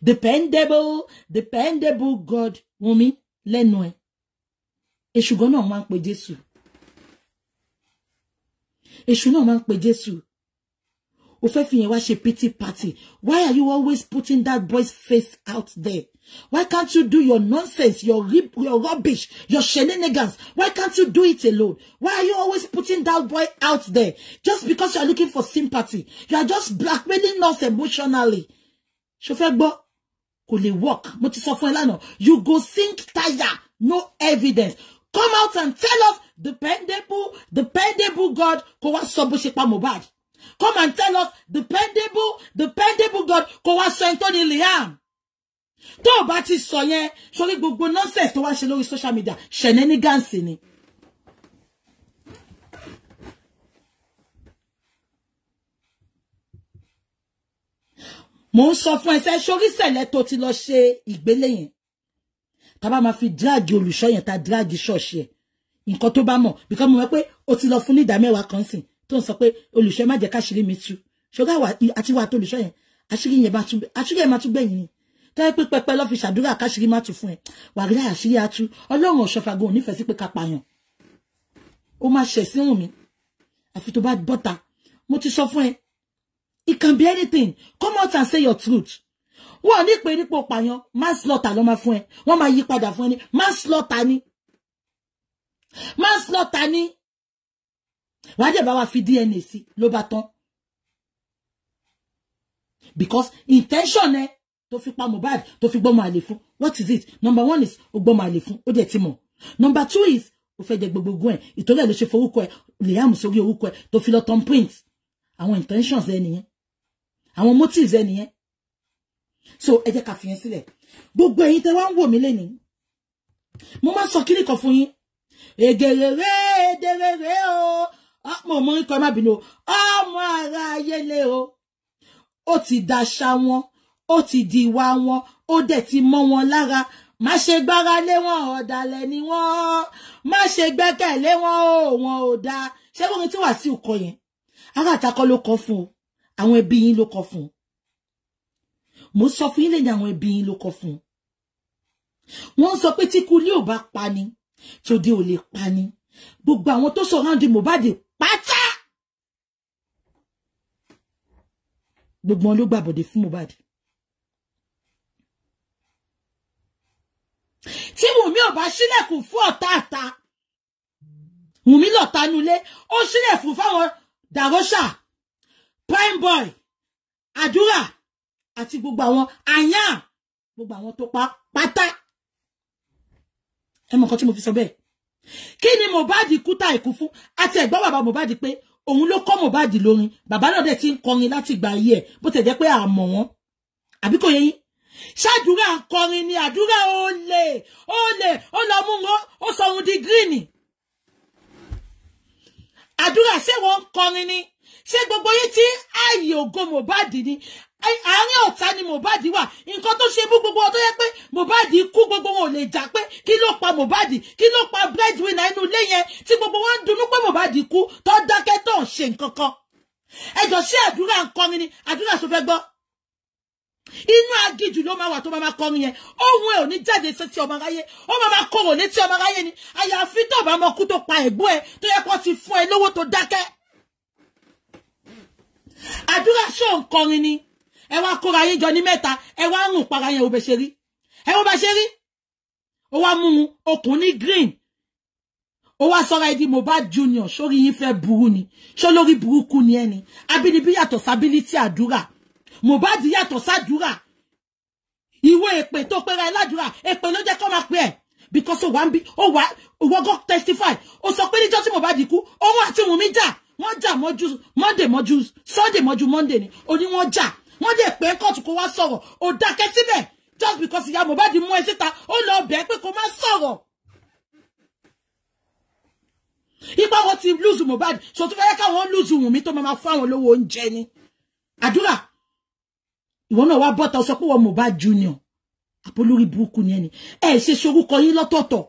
S1: dependable dependable God wunmi lẹ́nu ẹ̀ èṣù gan náà máa ń pe Jésù èṣù náà máa ń pe Jésù o fẹ́ fi yẹn wá ṣe pity party why are you always putting that boy's face out there why can't you do your nonsense your rib your rubbish your shenanigans why can't you do it alone why are you always putting that boy out there just because you are looking for sympathy you are just blackmailing us emotionally ṣo fẹ́ gbọ́ kò lè work mo ti sọ fún ẹ lánàá you go sink tire no evidence come out and tell us dependable dependable God kò wá sọ bó ṣe pa Mohbad come and tell us dependable dependable God kò wá sọ ẹni tó ní Liam tó o bá ti sọ yẹn sórí gbogbo nonsense tó wá ṣe lórí social media ṣẹ̀nẹ́ ní gáǹsì ni. mo ń sọ fún ẹsẹ sórí sẹlẹ tó ti lọ ṣe ìgbélé yẹn tá bá máa fi dírágì olùṣọ́ yẹn ta dírágì ṣọ́ọ̀ṣì ẹ nǹkan tó bá mọ̀ bíkọ́ mo mọ̀ pé o ti lọ fún ní ìdá mẹ́wàá kan sìn tó ń sọ pé olùṣọ́ má jẹ́ káṣírí mi tú ṣọgá àti wà tó olùṣọ́ yẹn àṣírí yẹn máa tún gbẹ̀yìn ni tẹ́ pé pẹpẹ lọ́ fi ṣàdúrà káṣírí má tú fún ẹ wàhálà àṣírí atú ọlọ́run ọ̀ṣọ́fagun ò nífẹ̀ẹ́ sí pé ká pààyàn ó máa ṣẹ̀ sí wùn mi àfi tó bá bọ́ta mo ti sọ fún ẹ It can be anything. Come out and say your truth. Wọ́n ní pé nípò pààyàn manslaughter ló máa fún ẹ. Wọ́n máa yí padà fún ẹ ní manslaughter ni. Manslaughter ni. Wàá dẹ̀ bá wa fi DNA sí ló bá tán. Because intention ẹ tó fi pa Mohbad tó fi gbọ́mọ àlè fún. What is it? Number one is o gbọ́mọ àlè fún ó dẹ̀ ti mọ̀. Number two is o fẹ́ jẹ gbogbo ogun ẹ̀ ìtọ́lẹ̀ ló ṣe fowókọ ẹ̀ Liam sórí orúkọ ẹ̀ tó fi lọ thumbprint àwọn intentions ẹ nìyẹn àwọn motives ẹ nìyẹn so ẹ jẹ́ ká fi yẹn sílẹ̀ gbogbo ẹ̀yin tẹ́ wá ń wò mí lénìí mo máa ń sọ kíní kan fún yín ègèrèrè èdèrèrè o ọmọ ọmọ ikọ ẹ má bínú ọmọ ara ayélé o ó ti daṣa wọn ó ti di ìwà wọn ó dẹ̀ ti mọ́ wọn lára má ṣe gbára lé wọn ọ̀dàlẹ̀ ni wọ́n má ṣe gbẹ́kẹ̀ lé wọn o wọn ò dáa ṣé wọ́n ti wà sí ìkọ yẹn ara àtakọ́ ló kọ́ fún o àwọn ẹbí yín ló kọ fún mo sọ fún yín lẹ́yìn àwọn ẹbí yín ló kọ fún wọ́n sọ pé tí ikú ilé ò bá pa ni tòde ò lè pa ni gbogbo àwọn tó sọ ráńdì Mohbad pátá gbogbo wọn ló gbàbọdè fún Mohbad tí Wùnmí ò bá ṣílẹ̀kùn fún ọ̀tá àta Wùnmí lọ̀tanulé ó ṣílẹ̀ fún fáwọn dàrọ́ṣà prime boy àdúrà àti gbogbo àwọn àyàn gbogbo àwọn tó pa pátá ẹ mọ̀ nǹkan tí mo fi sọ bẹ́ẹ̀ kí ni Mohbad kú tá ìkú fún àti ẹ̀gbọ́n bàbá Mohbad pé òun ló kọ́ Mohbad lórin bàbá náà dẹ̀ ti ń kọrin láti ìgbà ayé ẹ̀ bó tẹ̀ jẹ́ pé àmọ̀ wọn àbí kò yẹ ṣáàdúrà kọrin ni àdúrà olè olè ó lọ mú wọn ó sọ ohun di gírínì àdúrà ṣé wọn kọrin ni ṣé gbogbo yín tí ààyè ògo Mohbad ni àárín ọ̀tá ni Mohbad wà nǹkan tó ṣe mú gbogbo ọdún yẹ pé Mohbad kú gbogbo wọn ò lè jà pé kí ló pa Mohbad kí ló pa breadwinner inú ilé yẹn tí gbogbo wọn ń dunnú pé Mohbad kú tó dákẹ́ tó ń ṣe nǹkan kan ẹjọ́ ṣé àdúrà ń kọrin ni àdúrà sọ fẹ́ gbọ́ inú agijù ló máa wà tó máa máa kọrin yẹn ohun ẹ ò ní jáde sétí ọmọ aráyé ó máa máa kọrò létí ọmọ aráyé ni àyàfi tó bá mọ kú tó pa ẹ̀gbọ́n ẹ tó yẹ kó ti fún ẹ lówó tó dákẹ́ àdúrà ṣó ń kọrin ni ẹ wá kóra yín jọ ní mẹ́ta ẹ wá rùn para yẹn ò bẹ ṣe rí ẹ wọ́n bá ṣe rí ó wá mú un okùn ní green ó wá sọ́ra ẹdí Mohbad junior sórí yín fẹ́ burú ni ṣó lórí burúkú ni ẹni abínibí yàtọ̀ sábílítì àdúrà Mohbad yàtọ̀ sádùúrà ìwé èpè tó pera ẹ ládùúrà èpè ló jẹ́ kó máa pè ẹ́ because ó wà ń bí ó wà ó wọ́gọ́ testify ó sọ pé níjọ́ tí Mohbad kú òun àti Wùnmí jà wọ́n jà mọ́jú monday mọ́jú sunday mọ́jú monday ni òní wọ́n jà wọ́n lè pé kóòtù kó wá sọ̀rọ̀ ò dákẹ́ síbẹ̀ just because ìyá Mohbad mú ẹ síta ó lọ bẹ́ẹ̀ pé kó má sọ̀rọ̀. ipa wọn ti lùzù Mohbad ṣòtú fẹ́ káwọn lùzù Wùnmí tó máa fún àwọn olówó oúnjẹ ni àdúrà ìwọ náà wá bọ́ta sọ pé wọn Mohbad junior àpolórí burúkú ni ẹni ẹ ṣe sorúkọ yín lọ́tọ̀ọ̀tọ̀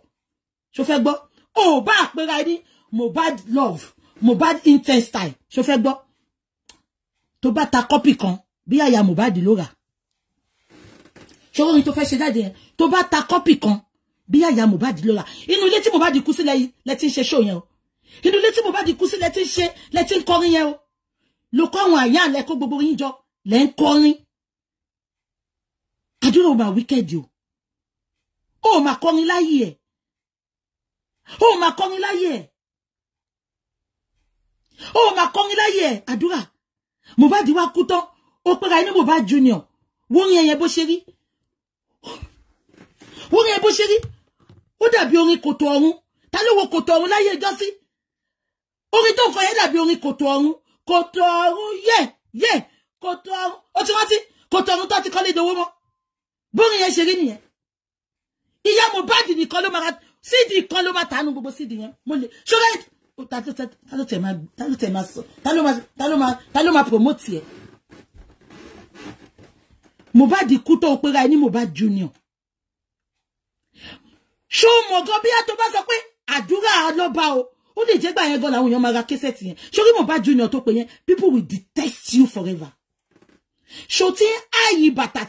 S1: ṣó fẹ́ gbọ́ ò bá àpẹẹrẹ ní Mohbad love Mohbad intense style ṣó fẹ́ gbọ́ tó bá ta kọ́pì kan bí àyà Mohbad ló rà ṣé orin tó fẹ́ ṣe jáde yẹn tó bá ta kọ́pì kan bí àyà Mohbad ló rà inú ilé tí Mohbad kú sílẹ̀ yìí lẹ ti ń ṣe ṣó yẹn o inú ilé tí Mohbad kú sílẹ̀ ti ń ṣe lẹ ti ń kọrin yẹn o ló kọ́ àwọn àyà lẹ kó gbogbo yín jọ lẹ ń kọrin àdúrà ọba wíkẹ́ẹ̀dì o ó mà kọrin láyé ẹ̀ ó mà kọrin láyé ẹ̀. O máa kọrin láyé ẹ̀ àdúrà Mohbad wá kú tán ó pẹ́ra ẹni Mohbad junior wọ́n rí ẹyẹ bó ṣe rí wọ́n rí ẹyẹ bó ṣe rí ó dàbí orin kòtò ọ̀run ta ló wo kòtò ọ̀run láyé ìjọ́sí orin tó kọ yẹn dàbí orin kòtò ọ̀run kòtò ọ̀run yẹ yẹ kòtò ọ̀run ó ti rántí kòtò ọ̀run tó ti kọ́lé ìdòwò mọ́ bórin yẹn ṣe rí nìyẹn ìyá Mohbad nìkan ló máa sídìí kan ló máa tàánú gbogbo sídìí yẹn mo lè ṣọlá ta ló tẹ̀ máa ta ló tẹ̀ máa sọ ta ló máa ta ló máa junior ṣó mọ̀ gan bí a tó bá sọ pé àdúrà ọlọ́ba o ó lè jẹ́ gbà yẹn gan làwọn èèyàn máa ra kẹ́sẹ̀tì yẹn ṣórí Mohbad junior tó pè yẹn people will detest you forever ṣó tí ààyè bàtà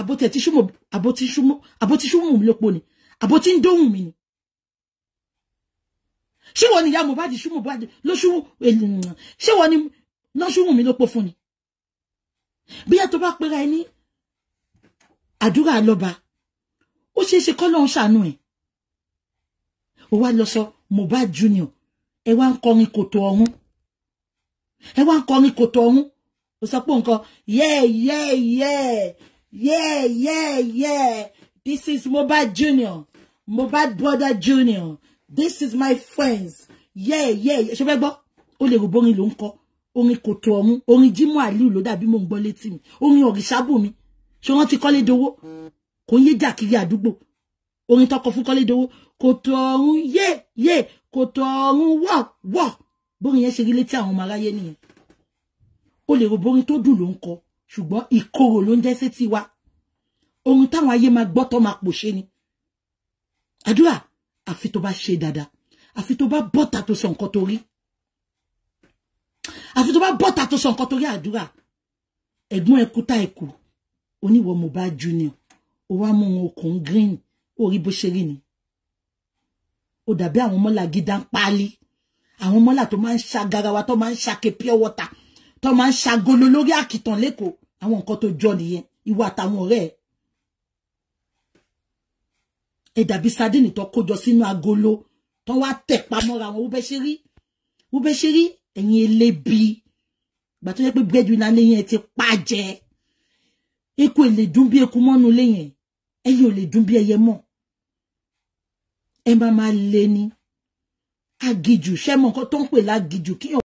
S1: àbótí ṣúmọ̀ àbótí ṣúmọ̀ aboti ṣúmọ̀ mi lópo ni aboti ń dóhùn mi ni ṣé wọ́n ni ìyá Mohbad ṣú Mohbad lóṣù eh, ṣé wọ́n ni lọ́ṣù wùn mí ló pọ̀ fún ni bí ẹ tó bá pera ẹ ní àdúrà lọ́ba ó ṣeé ṣe kọ́ lọ́hún ṣàánú ẹ̀ ó wá lọ sọ Mohbad Junior ẹ wá ń kọrin kòtò ọ̀hún ẹ wá ń kọrin kòtò ọ̀hún ó sọ pé nǹkan yeah yeah yeah yeah yeah yeah this is Mohbad Junior Mohbad brother Junior this is my friends yeah yeah ṣe fẹ́ gbọ́ ó lè rò bórin ló ń kọ orin kòtò ọ̀run orin Jimoh Aliu ló dàbí mò ń gbọ́ létí mi orin Ọ̀rìṣàbùnmi ṣé wọ́n ti kọ́lé dowó kò ń yé jà kiri àdúgbò orin tọkọ fún kọ́lé dowó kòtò ọ̀run yé yé kòtò ọ̀run wọ̀ wọ̀ bórin yẹn ṣe rí létí àwọn ọmọ aráyé nìyẹn O lè rò bórin tó dùn ló ń kọ ṣùgbọ́n ìkorò ló ń jẹ́ wa ohun táwọn ayé máa gbọ́ tó máa pòṣe ni àdúrà àfi tó bá ṣe dáadáa àfi tó bá bọ́ta tó sọ nǹkan tó rí àfi tó bá bọ́ta tó sọ nǹkan tó rí àdúrà ẹ̀gbọ́n ẹ̀kú tá ẹ̀kú oníwọ̀ Mohbad junior ó wá mú wọn okùn green ó rí bó ṣe rí ni ó dàbí àwọn ọmọlà gíga ń pálí àwọn ọmọlà tó máa ń ṣa garawa tó máa ń ṣa ke pure water tó máa ń ṣagolo lórí àkìtàn lẹ́kọ̀ọ́ àwọn nǹkan tó jọ nìyẹn ìwà àtàwọn ọ̀rẹ́ ẹ̀ ẹ dàbí sardine tó kójọ sínú agolo tó wá tẹ̀ pamọ́ra wọn wúbẹ́ ṣe rí wúbẹ́ ṣe rí ẹ̀yin elébi ìgbà tó yẹ pé gbẹ́jú iná lẹ́yìn ẹ ti pàjẹ́ eku ẹ lè dún bí eku mọ́nu lẹ́yìn ẹyẹ ò lè dún bí ẹyẹ mọ́ ẹ máa máa lé ní agijù ṣẹ́mọ̀ nǹkan tó ń pè lágijù kíyàn.